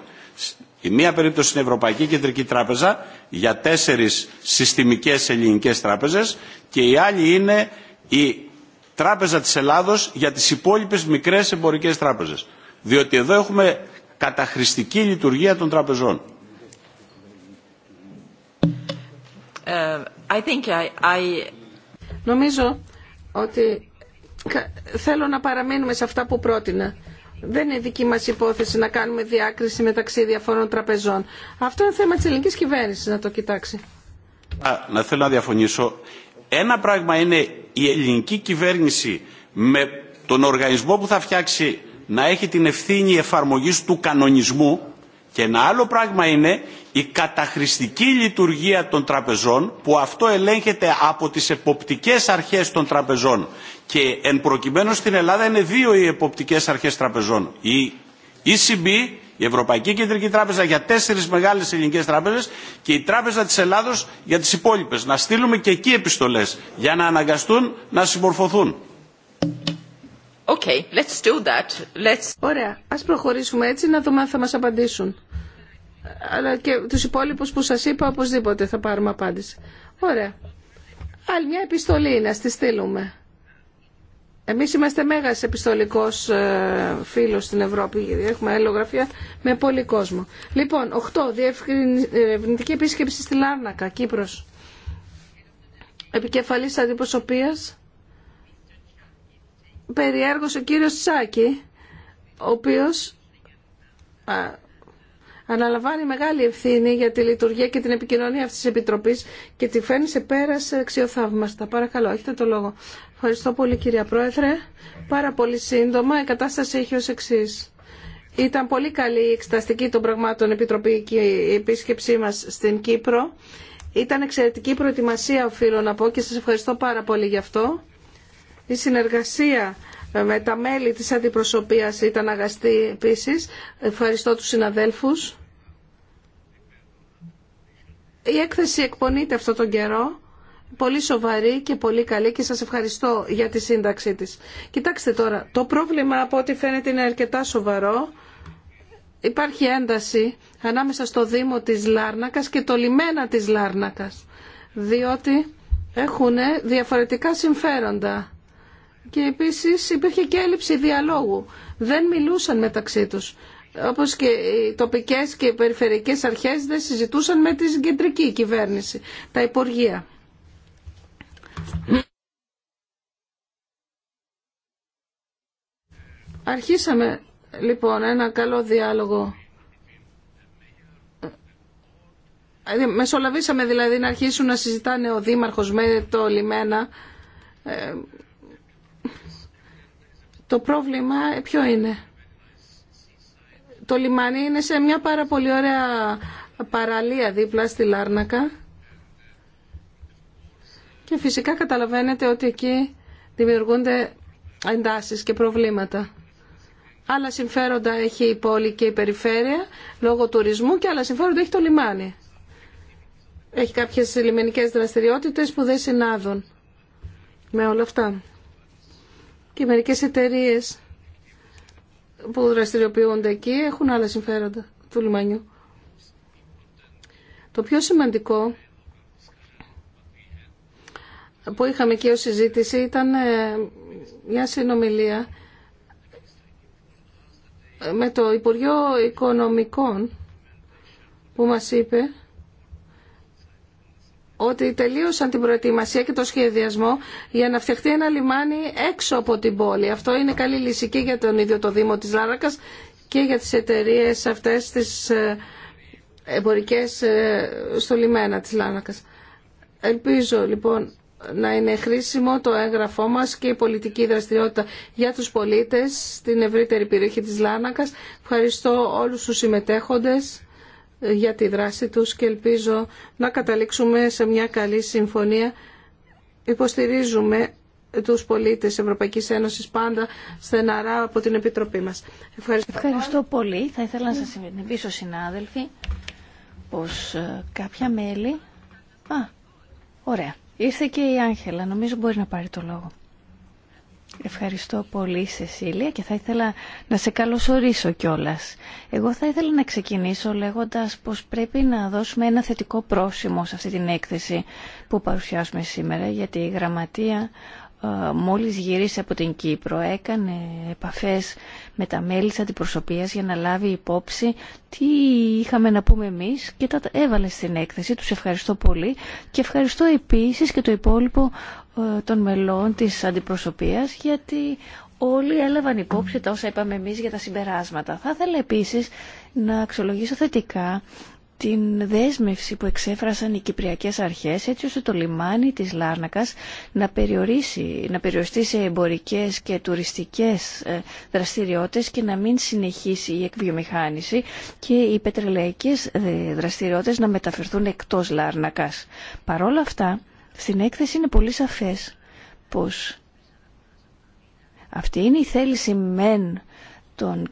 Η μία περίπτωση είναι η Ευρωπαϊκή Κεντρική Τράπεζα για τέσσερις συστημικές ελληνικές τράπεζες και η άλλη είναι η Τράπεζα της Ελλάδος για τις υπόλοιπες μικρές εμπορικές τράπεζες. Διότι εδώ έχουμε καταχρηστική λειτουργία των τραπεζών.
Ε,
Νομίζω ότι θέλω να παραμείνουμε σε αυτά που πρότεινα. Δεν είναι δική μας υπόθεση να κάνουμε διάκριση μεταξύ διαφόρων τραπεζών. Αυτό είναι θέμα της ελληνικής κυβέρνησης να το κοιτάξει.
Να θέλω να διαφωνήσω. Ένα πράγμα είναι η ελληνική κυβέρνηση με τον οργανισμό που θα φτιάξει να έχει την ευθύνη εφαρμογής του κανονισμού και ένα άλλο πράγμα είναι η καταχρηστική λειτουργία των τραπεζών που αυτό ελέγχεται από τις εποπτικές αρχές των τραπεζών και εν προκειμένου στην Ελλάδα είναι δύο οι εποπτικές αρχές τραπεζών. Η ECB, η Ευρωπαϊκή Κεντρική Τράπεζα για τέσσερις μεγάλες ελληνικές τράπεζες και η Τράπεζα της Ελλάδος για τις υπόλοιπες. Να στείλουμε και εκεί επιστολές για να αναγκαστούν να συμμορφωθούν.
Ωραία, ας προχωρήσουμε έτσι να δούμε αν θα μας απαντήσουν. Αλλά και τους υπόλοιπους που σας είπα, οπωσδήποτε θα πάρουμε απάντηση. Ωραία. Άλλη μια επιστολή να στη στείλουμε. Εμείς είμαστε μέγας επιστολικός ε, φίλος στην Ευρώπη, γιατί έχουμε αλληλογραφία με πολύ κόσμο. Λοιπόν, 8. Διευθυντική επίσκεψη στη Λάρνακα, Κύπρος. Επικεφαλής αντιπροσωπείας περιέργως ο κύριος Τσάκη, ο οποίος αναλαμβάνει μεγάλη ευθύνη για τη λειτουργία και την επικοινωνία αυτής της Επιτροπής και τη φέρνει σε πέρας αξιοθαύμαστα. Παρακαλώ, έχετε το λόγο. Ευχαριστώ πολύ κυρία Πρόεδρε. Πάρα πολύ σύντομα η κατάσταση έχει ως εξή. Ήταν πολύ καλή η εξεταστική των πραγμάτων επιτροπή και η επίσκεψή μας στην Κύπρο. Ήταν εξαιρετική προετοιμασία οφείλω να πω και σας ευχαριστώ πάρα πολύ γι' αυτό. Η συνεργασία ε, με τα μέλη της αντιπροσωπείας ήταν αγαστή επίσης. Ευχαριστώ τους συναδέλφους. Η έκθεση εκπονείται αυτόν τον καιρό. Πολύ σοβαρή και πολύ καλή και σας ευχαριστώ για τη σύνταξή της. Κοιτάξτε τώρα, το πρόβλημα από ό,τι φαίνεται είναι αρκετά σοβαρό. Υπάρχει ένταση ανάμεσα στο Δήμο της Λάρνακας και το λιμένα της Λάρνακας, διότι έχουν διαφορετικά συμφέροντα και επίσης υπήρχε και έλλειψη διαλόγου. Δεν μιλούσαν μεταξύ τους. Όπως και οι τοπικές και οι περιφερειακές αρχές δεν συζητούσαν με τη συγκεντρική κυβέρνηση, τα υπουργεία. Αρχίσαμε λοιπόν ένα καλό διάλογο. Ε, μεσολαβήσαμε δηλαδή να αρχίσουν να συζητάνε ο Δήμαρχος με το Λιμένα ε, το πρόβλημα ε, ποιο είναι. Το λιμάνι είναι σε μια πάρα πολύ ωραία παραλία δίπλα στη Λάρνακα και φυσικά καταλαβαίνετε ότι εκεί δημιουργούνται εντάσεις και προβλήματα. Άλλα συμφέροντα έχει η πόλη και η περιφέρεια λόγω τουρισμού και άλλα συμφέροντα έχει το λιμάνι. Έχει κάποιες λιμενικές δραστηριότητες που δεν συνάδουν με όλα αυτά και μερικές εταιρείε που δραστηριοποιούνται εκεί έχουν άλλα συμφέροντα του λιμανιού. Το πιο σημαντικό που είχαμε και ως συζήτηση ήταν ε, μια συνομιλία με το Υπουργείο Οικονομικών που μας είπε ότι τελείωσαν την προετοιμασία και το σχεδιασμό για να φτιαχτεί ένα λιμάνι έξω από την πόλη. Αυτό είναι καλή λύση και για τον ίδιο το Δήμο της Λάρακας και για τις εταιρείες αυτές τις ε, εμπορικές ε, στο λιμένα της Λάρακας. Ελπίζω λοιπόν να είναι χρήσιμο το έγγραφό μας και η πολιτική δραστηριότητα για τους πολίτες στην ευρύτερη περιοχή της Λάνακας. Ευχαριστώ όλους τους συμμετέχοντες για τη δράση τους και ελπίζω να καταλήξουμε σε μια καλή συμφωνία. Υποστηρίζουμε τους πολίτες Ευρωπαϊκής Ένωσης πάντα στεναρά από την Επιτροπή μας.
Ευχαριστώ, πολύ. Θα ήθελα να σας συνειδητοποιήσω συνάδελφοι πως ε, κάποια μέλη... Α, ωραία. Ήρθε και η Άγχελα. Νομίζω μπορεί να πάρει το λόγο. Ευχαριστώ πολύ Σεσίλια και θα ήθελα να σε καλωσορίσω κιόλας. Εγώ θα ήθελα να ξεκινήσω λέγοντας πως πρέπει να δώσουμε ένα θετικό πρόσημο σε αυτή την έκθεση που παρουσιάσουμε σήμερα γιατί η γραμματεία ε, μόλις γύρισε από την Κύπρο έκανε επαφές με τα μέλη της αντιπροσωπείας για να λάβει υπόψη τι είχαμε να πούμε εμείς και τα έβαλε στην έκθεση. Τους ευχαριστώ πολύ και ευχαριστώ επίσης και το υπόλοιπο ε, των μελών της αντιπροσωπείας γιατί όλοι έλαβαν υπόψη τα όσα είπαμε εμείς για τα συμπεράσματα. Θα ήθελα επίσης να αξιολογήσω θετικά την δέσμευση που εξέφρασαν οι Κυπριακές Αρχές έτσι ώστε το λιμάνι της Λάρνακας να, περιορίσει, να περιοριστεί σε εμπορικές και τουριστικές ε, δραστηριότητες και να μην συνεχίσει η εκβιομηχάνηση και οι πετρελαϊκές ε, δραστηριότητες να μεταφερθούν εκτός Λάρνακας. Παρόλα αυτά στην έκθεση είναι πολύ σαφές πως αυτή είναι η θέληση μεν των,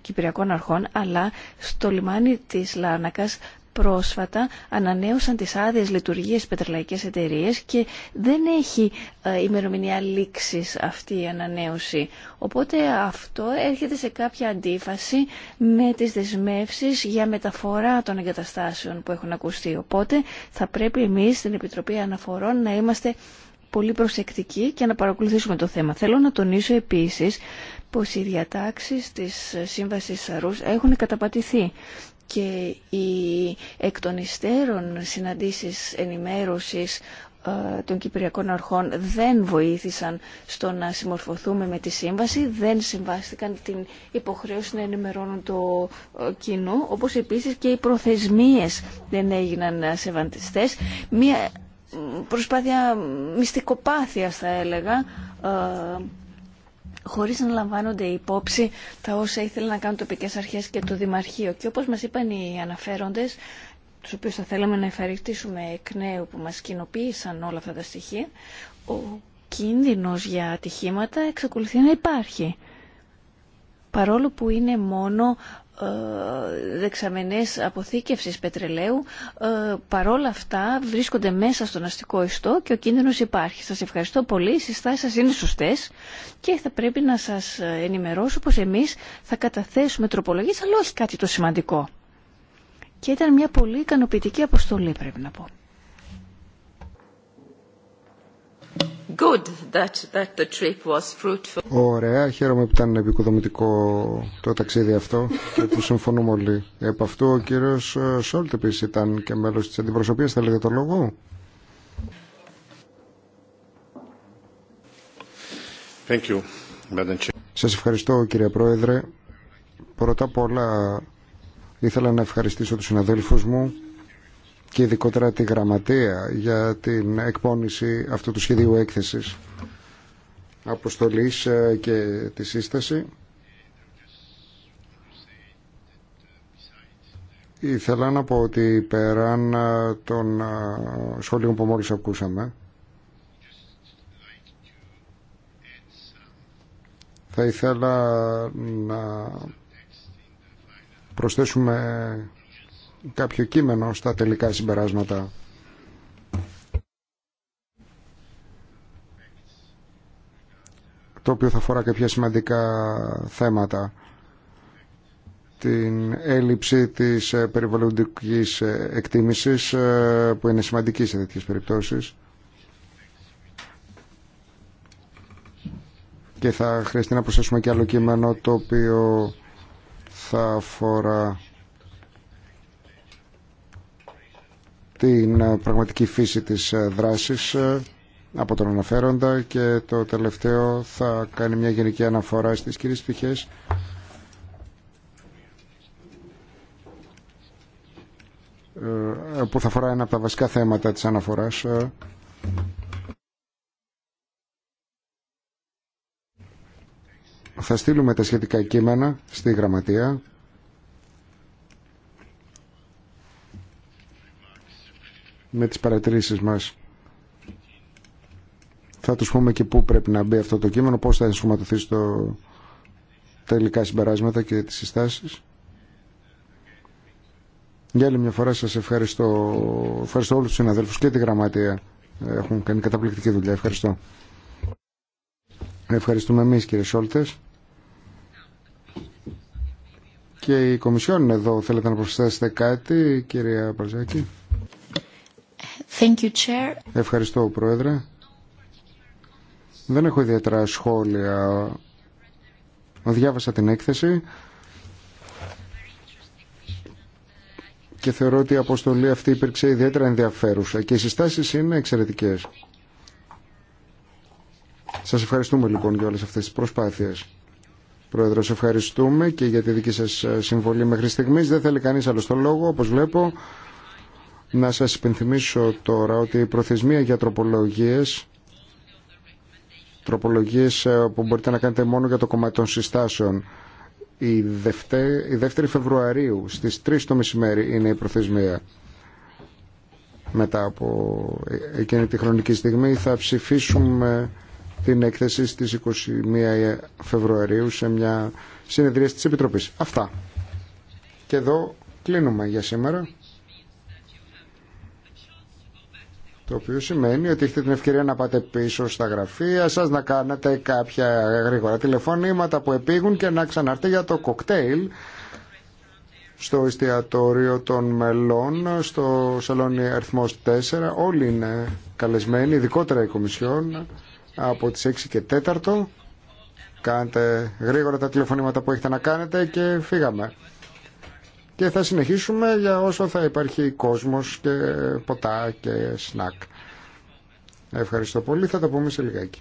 Κυπριακών αρχών αλλά στο λιμάνι της Λάνακας πρόσφατα ανανέωσαν τις άδειες λειτουργίες πετρελαϊκές εταιρείες και δεν έχει ε, ημερομηνία λήξης αυτή η ανανέωση. Οπότε αυτό έρχεται σε κάποια αντίφαση με τις δεσμεύσεις για μεταφορά των εγκαταστάσεων που έχουν ακουστεί. Οπότε θα πρέπει εμείς στην Επιτροπή Αναφορών να είμαστε πολύ προσεκτικοί και να παρακολουθήσουμε το θέμα. Θέλω να τονίσω επίσης πως οι διατάξεις της Σύμβασης Σαρούς έχουν καταπατηθεί και οι εκ των υστέρων συναντήσεις ενημέρωσης ε, των Κυπριακών Αρχών δεν βοήθησαν στο να συμμορφωθούμε με τη σύμβαση, δεν συμβάστηκαν την υποχρέωση να ενημερώνουν το ε, κοινό, όπως επίσης και οι προθεσμίες δεν έγιναν σεβαντιστές. Μία προσπάθεια μυστικοπάθειας θα έλεγα, ε, χωρίς να λαμβάνονται υπόψη τα όσα ήθελαν να κάνουν τοπικές αρχές και το Δημαρχείο. Και όπως μας είπαν οι αναφέροντες, τους οποίους θα θέλαμε να ευχαριστήσουμε εκ νέου που μας κοινοποίησαν όλα αυτά τα στοιχεία, ο κίνδυνος για ατυχήματα εξακολουθεί να υπάρχει. Παρόλο που είναι μόνο ε, δεξαμενές αποθήκευσης πετρελαίου ε, παρόλα αυτά βρίσκονται μέσα στον αστικό ιστό και ο κίνδυνος υπάρχει. Σας ευχαριστώ πολύ, οι συστάσεις σας είναι σωστές και θα πρέπει να σας ενημερώσω πως εμείς θα καταθέσουμε τροπολογίες αλλά όχι κάτι το σημαντικό. Και ήταν μια πολύ ικανοποιητική αποστολή πρέπει να πω.
Ωραία, χαίρομαι που ήταν επικοδομητικό το ταξίδι αυτό και που συμφωνούμε όλοι. Επ' αυτού ο κύριος ε, Σόλτ επίσης ήταν και μέλος της αντιπροσωπείας, θέλετε το λόγο. Thank Σας ευχαριστώ κύριε Πρόεδρε. Πρώτα απ' όλα ήθελα να ευχαριστήσω τους συναδέλφους μου και ειδικότερα τη γραμματεία για την εκπόνηση αυτού του σχεδίου έκθεσης αποστολής ε, και τη σύσταση. Ήθελα να πω ότι πέραν ε, των ε, σχολείων που μόλις ακούσαμε θα ήθελα να προσθέσουμε κάποιο κείμενο στα τελικά συμπεράσματα. το οποίο θα αφορά κάποια σημαντικά θέματα. Την έλλειψη της ε, περιβαλλοντικής ε, εκτίμησης ε, που είναι σημαντική σε τέτοιες περιπτώσεις. Και θα χρειαστεί να προσθέσουμε και άλλο κείμενο το οποίο θα αφορά την ε, πραγματική φύση της ε, δράσης ε, από τον αναφέροντα και το τελευταίο θα κάνει μια γενική αναφορά στις κύριες πτυχές που θα αφορά ένα από τα βασικά θέματα της αναφοράς θα στείλουμε τα σχετικά κείμενα στη γραμματεία με τις παρατηρήσεις μας. Θα τους πούμε και πού πρέπει να μπει αυτό το κείμενο, πώς θα ενσωματωθεί στο τελικά συμπεράσματα και τις συστάσεις. Για άλλη μια φορά σας ευχαριστώ, ευχαριστώ όλους τους συναδέλφους και τη γραμματεία. Έχουν κάνει καταπληκτική δουλειά. Ευχαριστώ. Ευχαριστούμε εμείς κύριε Σόλτες. Και η Κομισιόν εδώ. Θέλετε να προσθέσετε κάτι, κυρία Παρζάκη. Ευχαριστώ, Πρόεδρε. Δεν έχω ιδιαίτερα σχόλια. Διάβασα την έκθεση και θεωρώ ότι η αποστολή αυτή υπήρξε ιδιαίτερα ενδιαφέρουσα και οι συστάσεις είναι εξαιρετικές. Σας ευχαριστούμε λοιπόν για όλες αυτές τις προσπάθειες. Πρόεδρο, ευχαριστούμε και για τη δική σας συμβολή μέχρι στιγμής. Δεν θέλει κανείς άλλο το λόγο, όπως βλέπω. Να σας υπενθυμίσω τώρα ότι η προθεσμία για τροπολογίες τροπολογίες ε, που μπορείτε να κάνετε μόνο για το κομμάτι των συστάσεων η, δεύτερη 2η Φεβρουαρίου στις 3 το μεσημέρι είναι η προθεσμία μετά από εκείνη τη χρονική στιγμή θα ψηφίσουμε την έκθεση στις 21 Φεβρουαρίου σε μια συνεδρία της Επιτροπής. Αυτά. Και εδώ κλείνουμε για σήμερα. Το οποίο σημαίνει ότι έχετε την ευκαιρία να πάτε πίσω στα γραφεία σας, να κάνετε κάποια γρήγορα τηλεφωνήματα που επήγουν και να ξανάρθετε για το κοκτέιλ στο εστιατόριο των μελών, στο σαλόνι Αριθμό 4. Όλοι είναι καλεσμένοι, ειδικότερα η Κομισιόν, από τις 6 και 4. Κάντε γρήγορα τα τηλεφωνήματα που έχετε να κάνετε και φύγαμε και θα συνεχίσουμε για όσο θα υπάρχει κόσμος και ποτά και σνακ. Ευχαριστώ πολύ. Θα τα πούμε σε λιγάκι.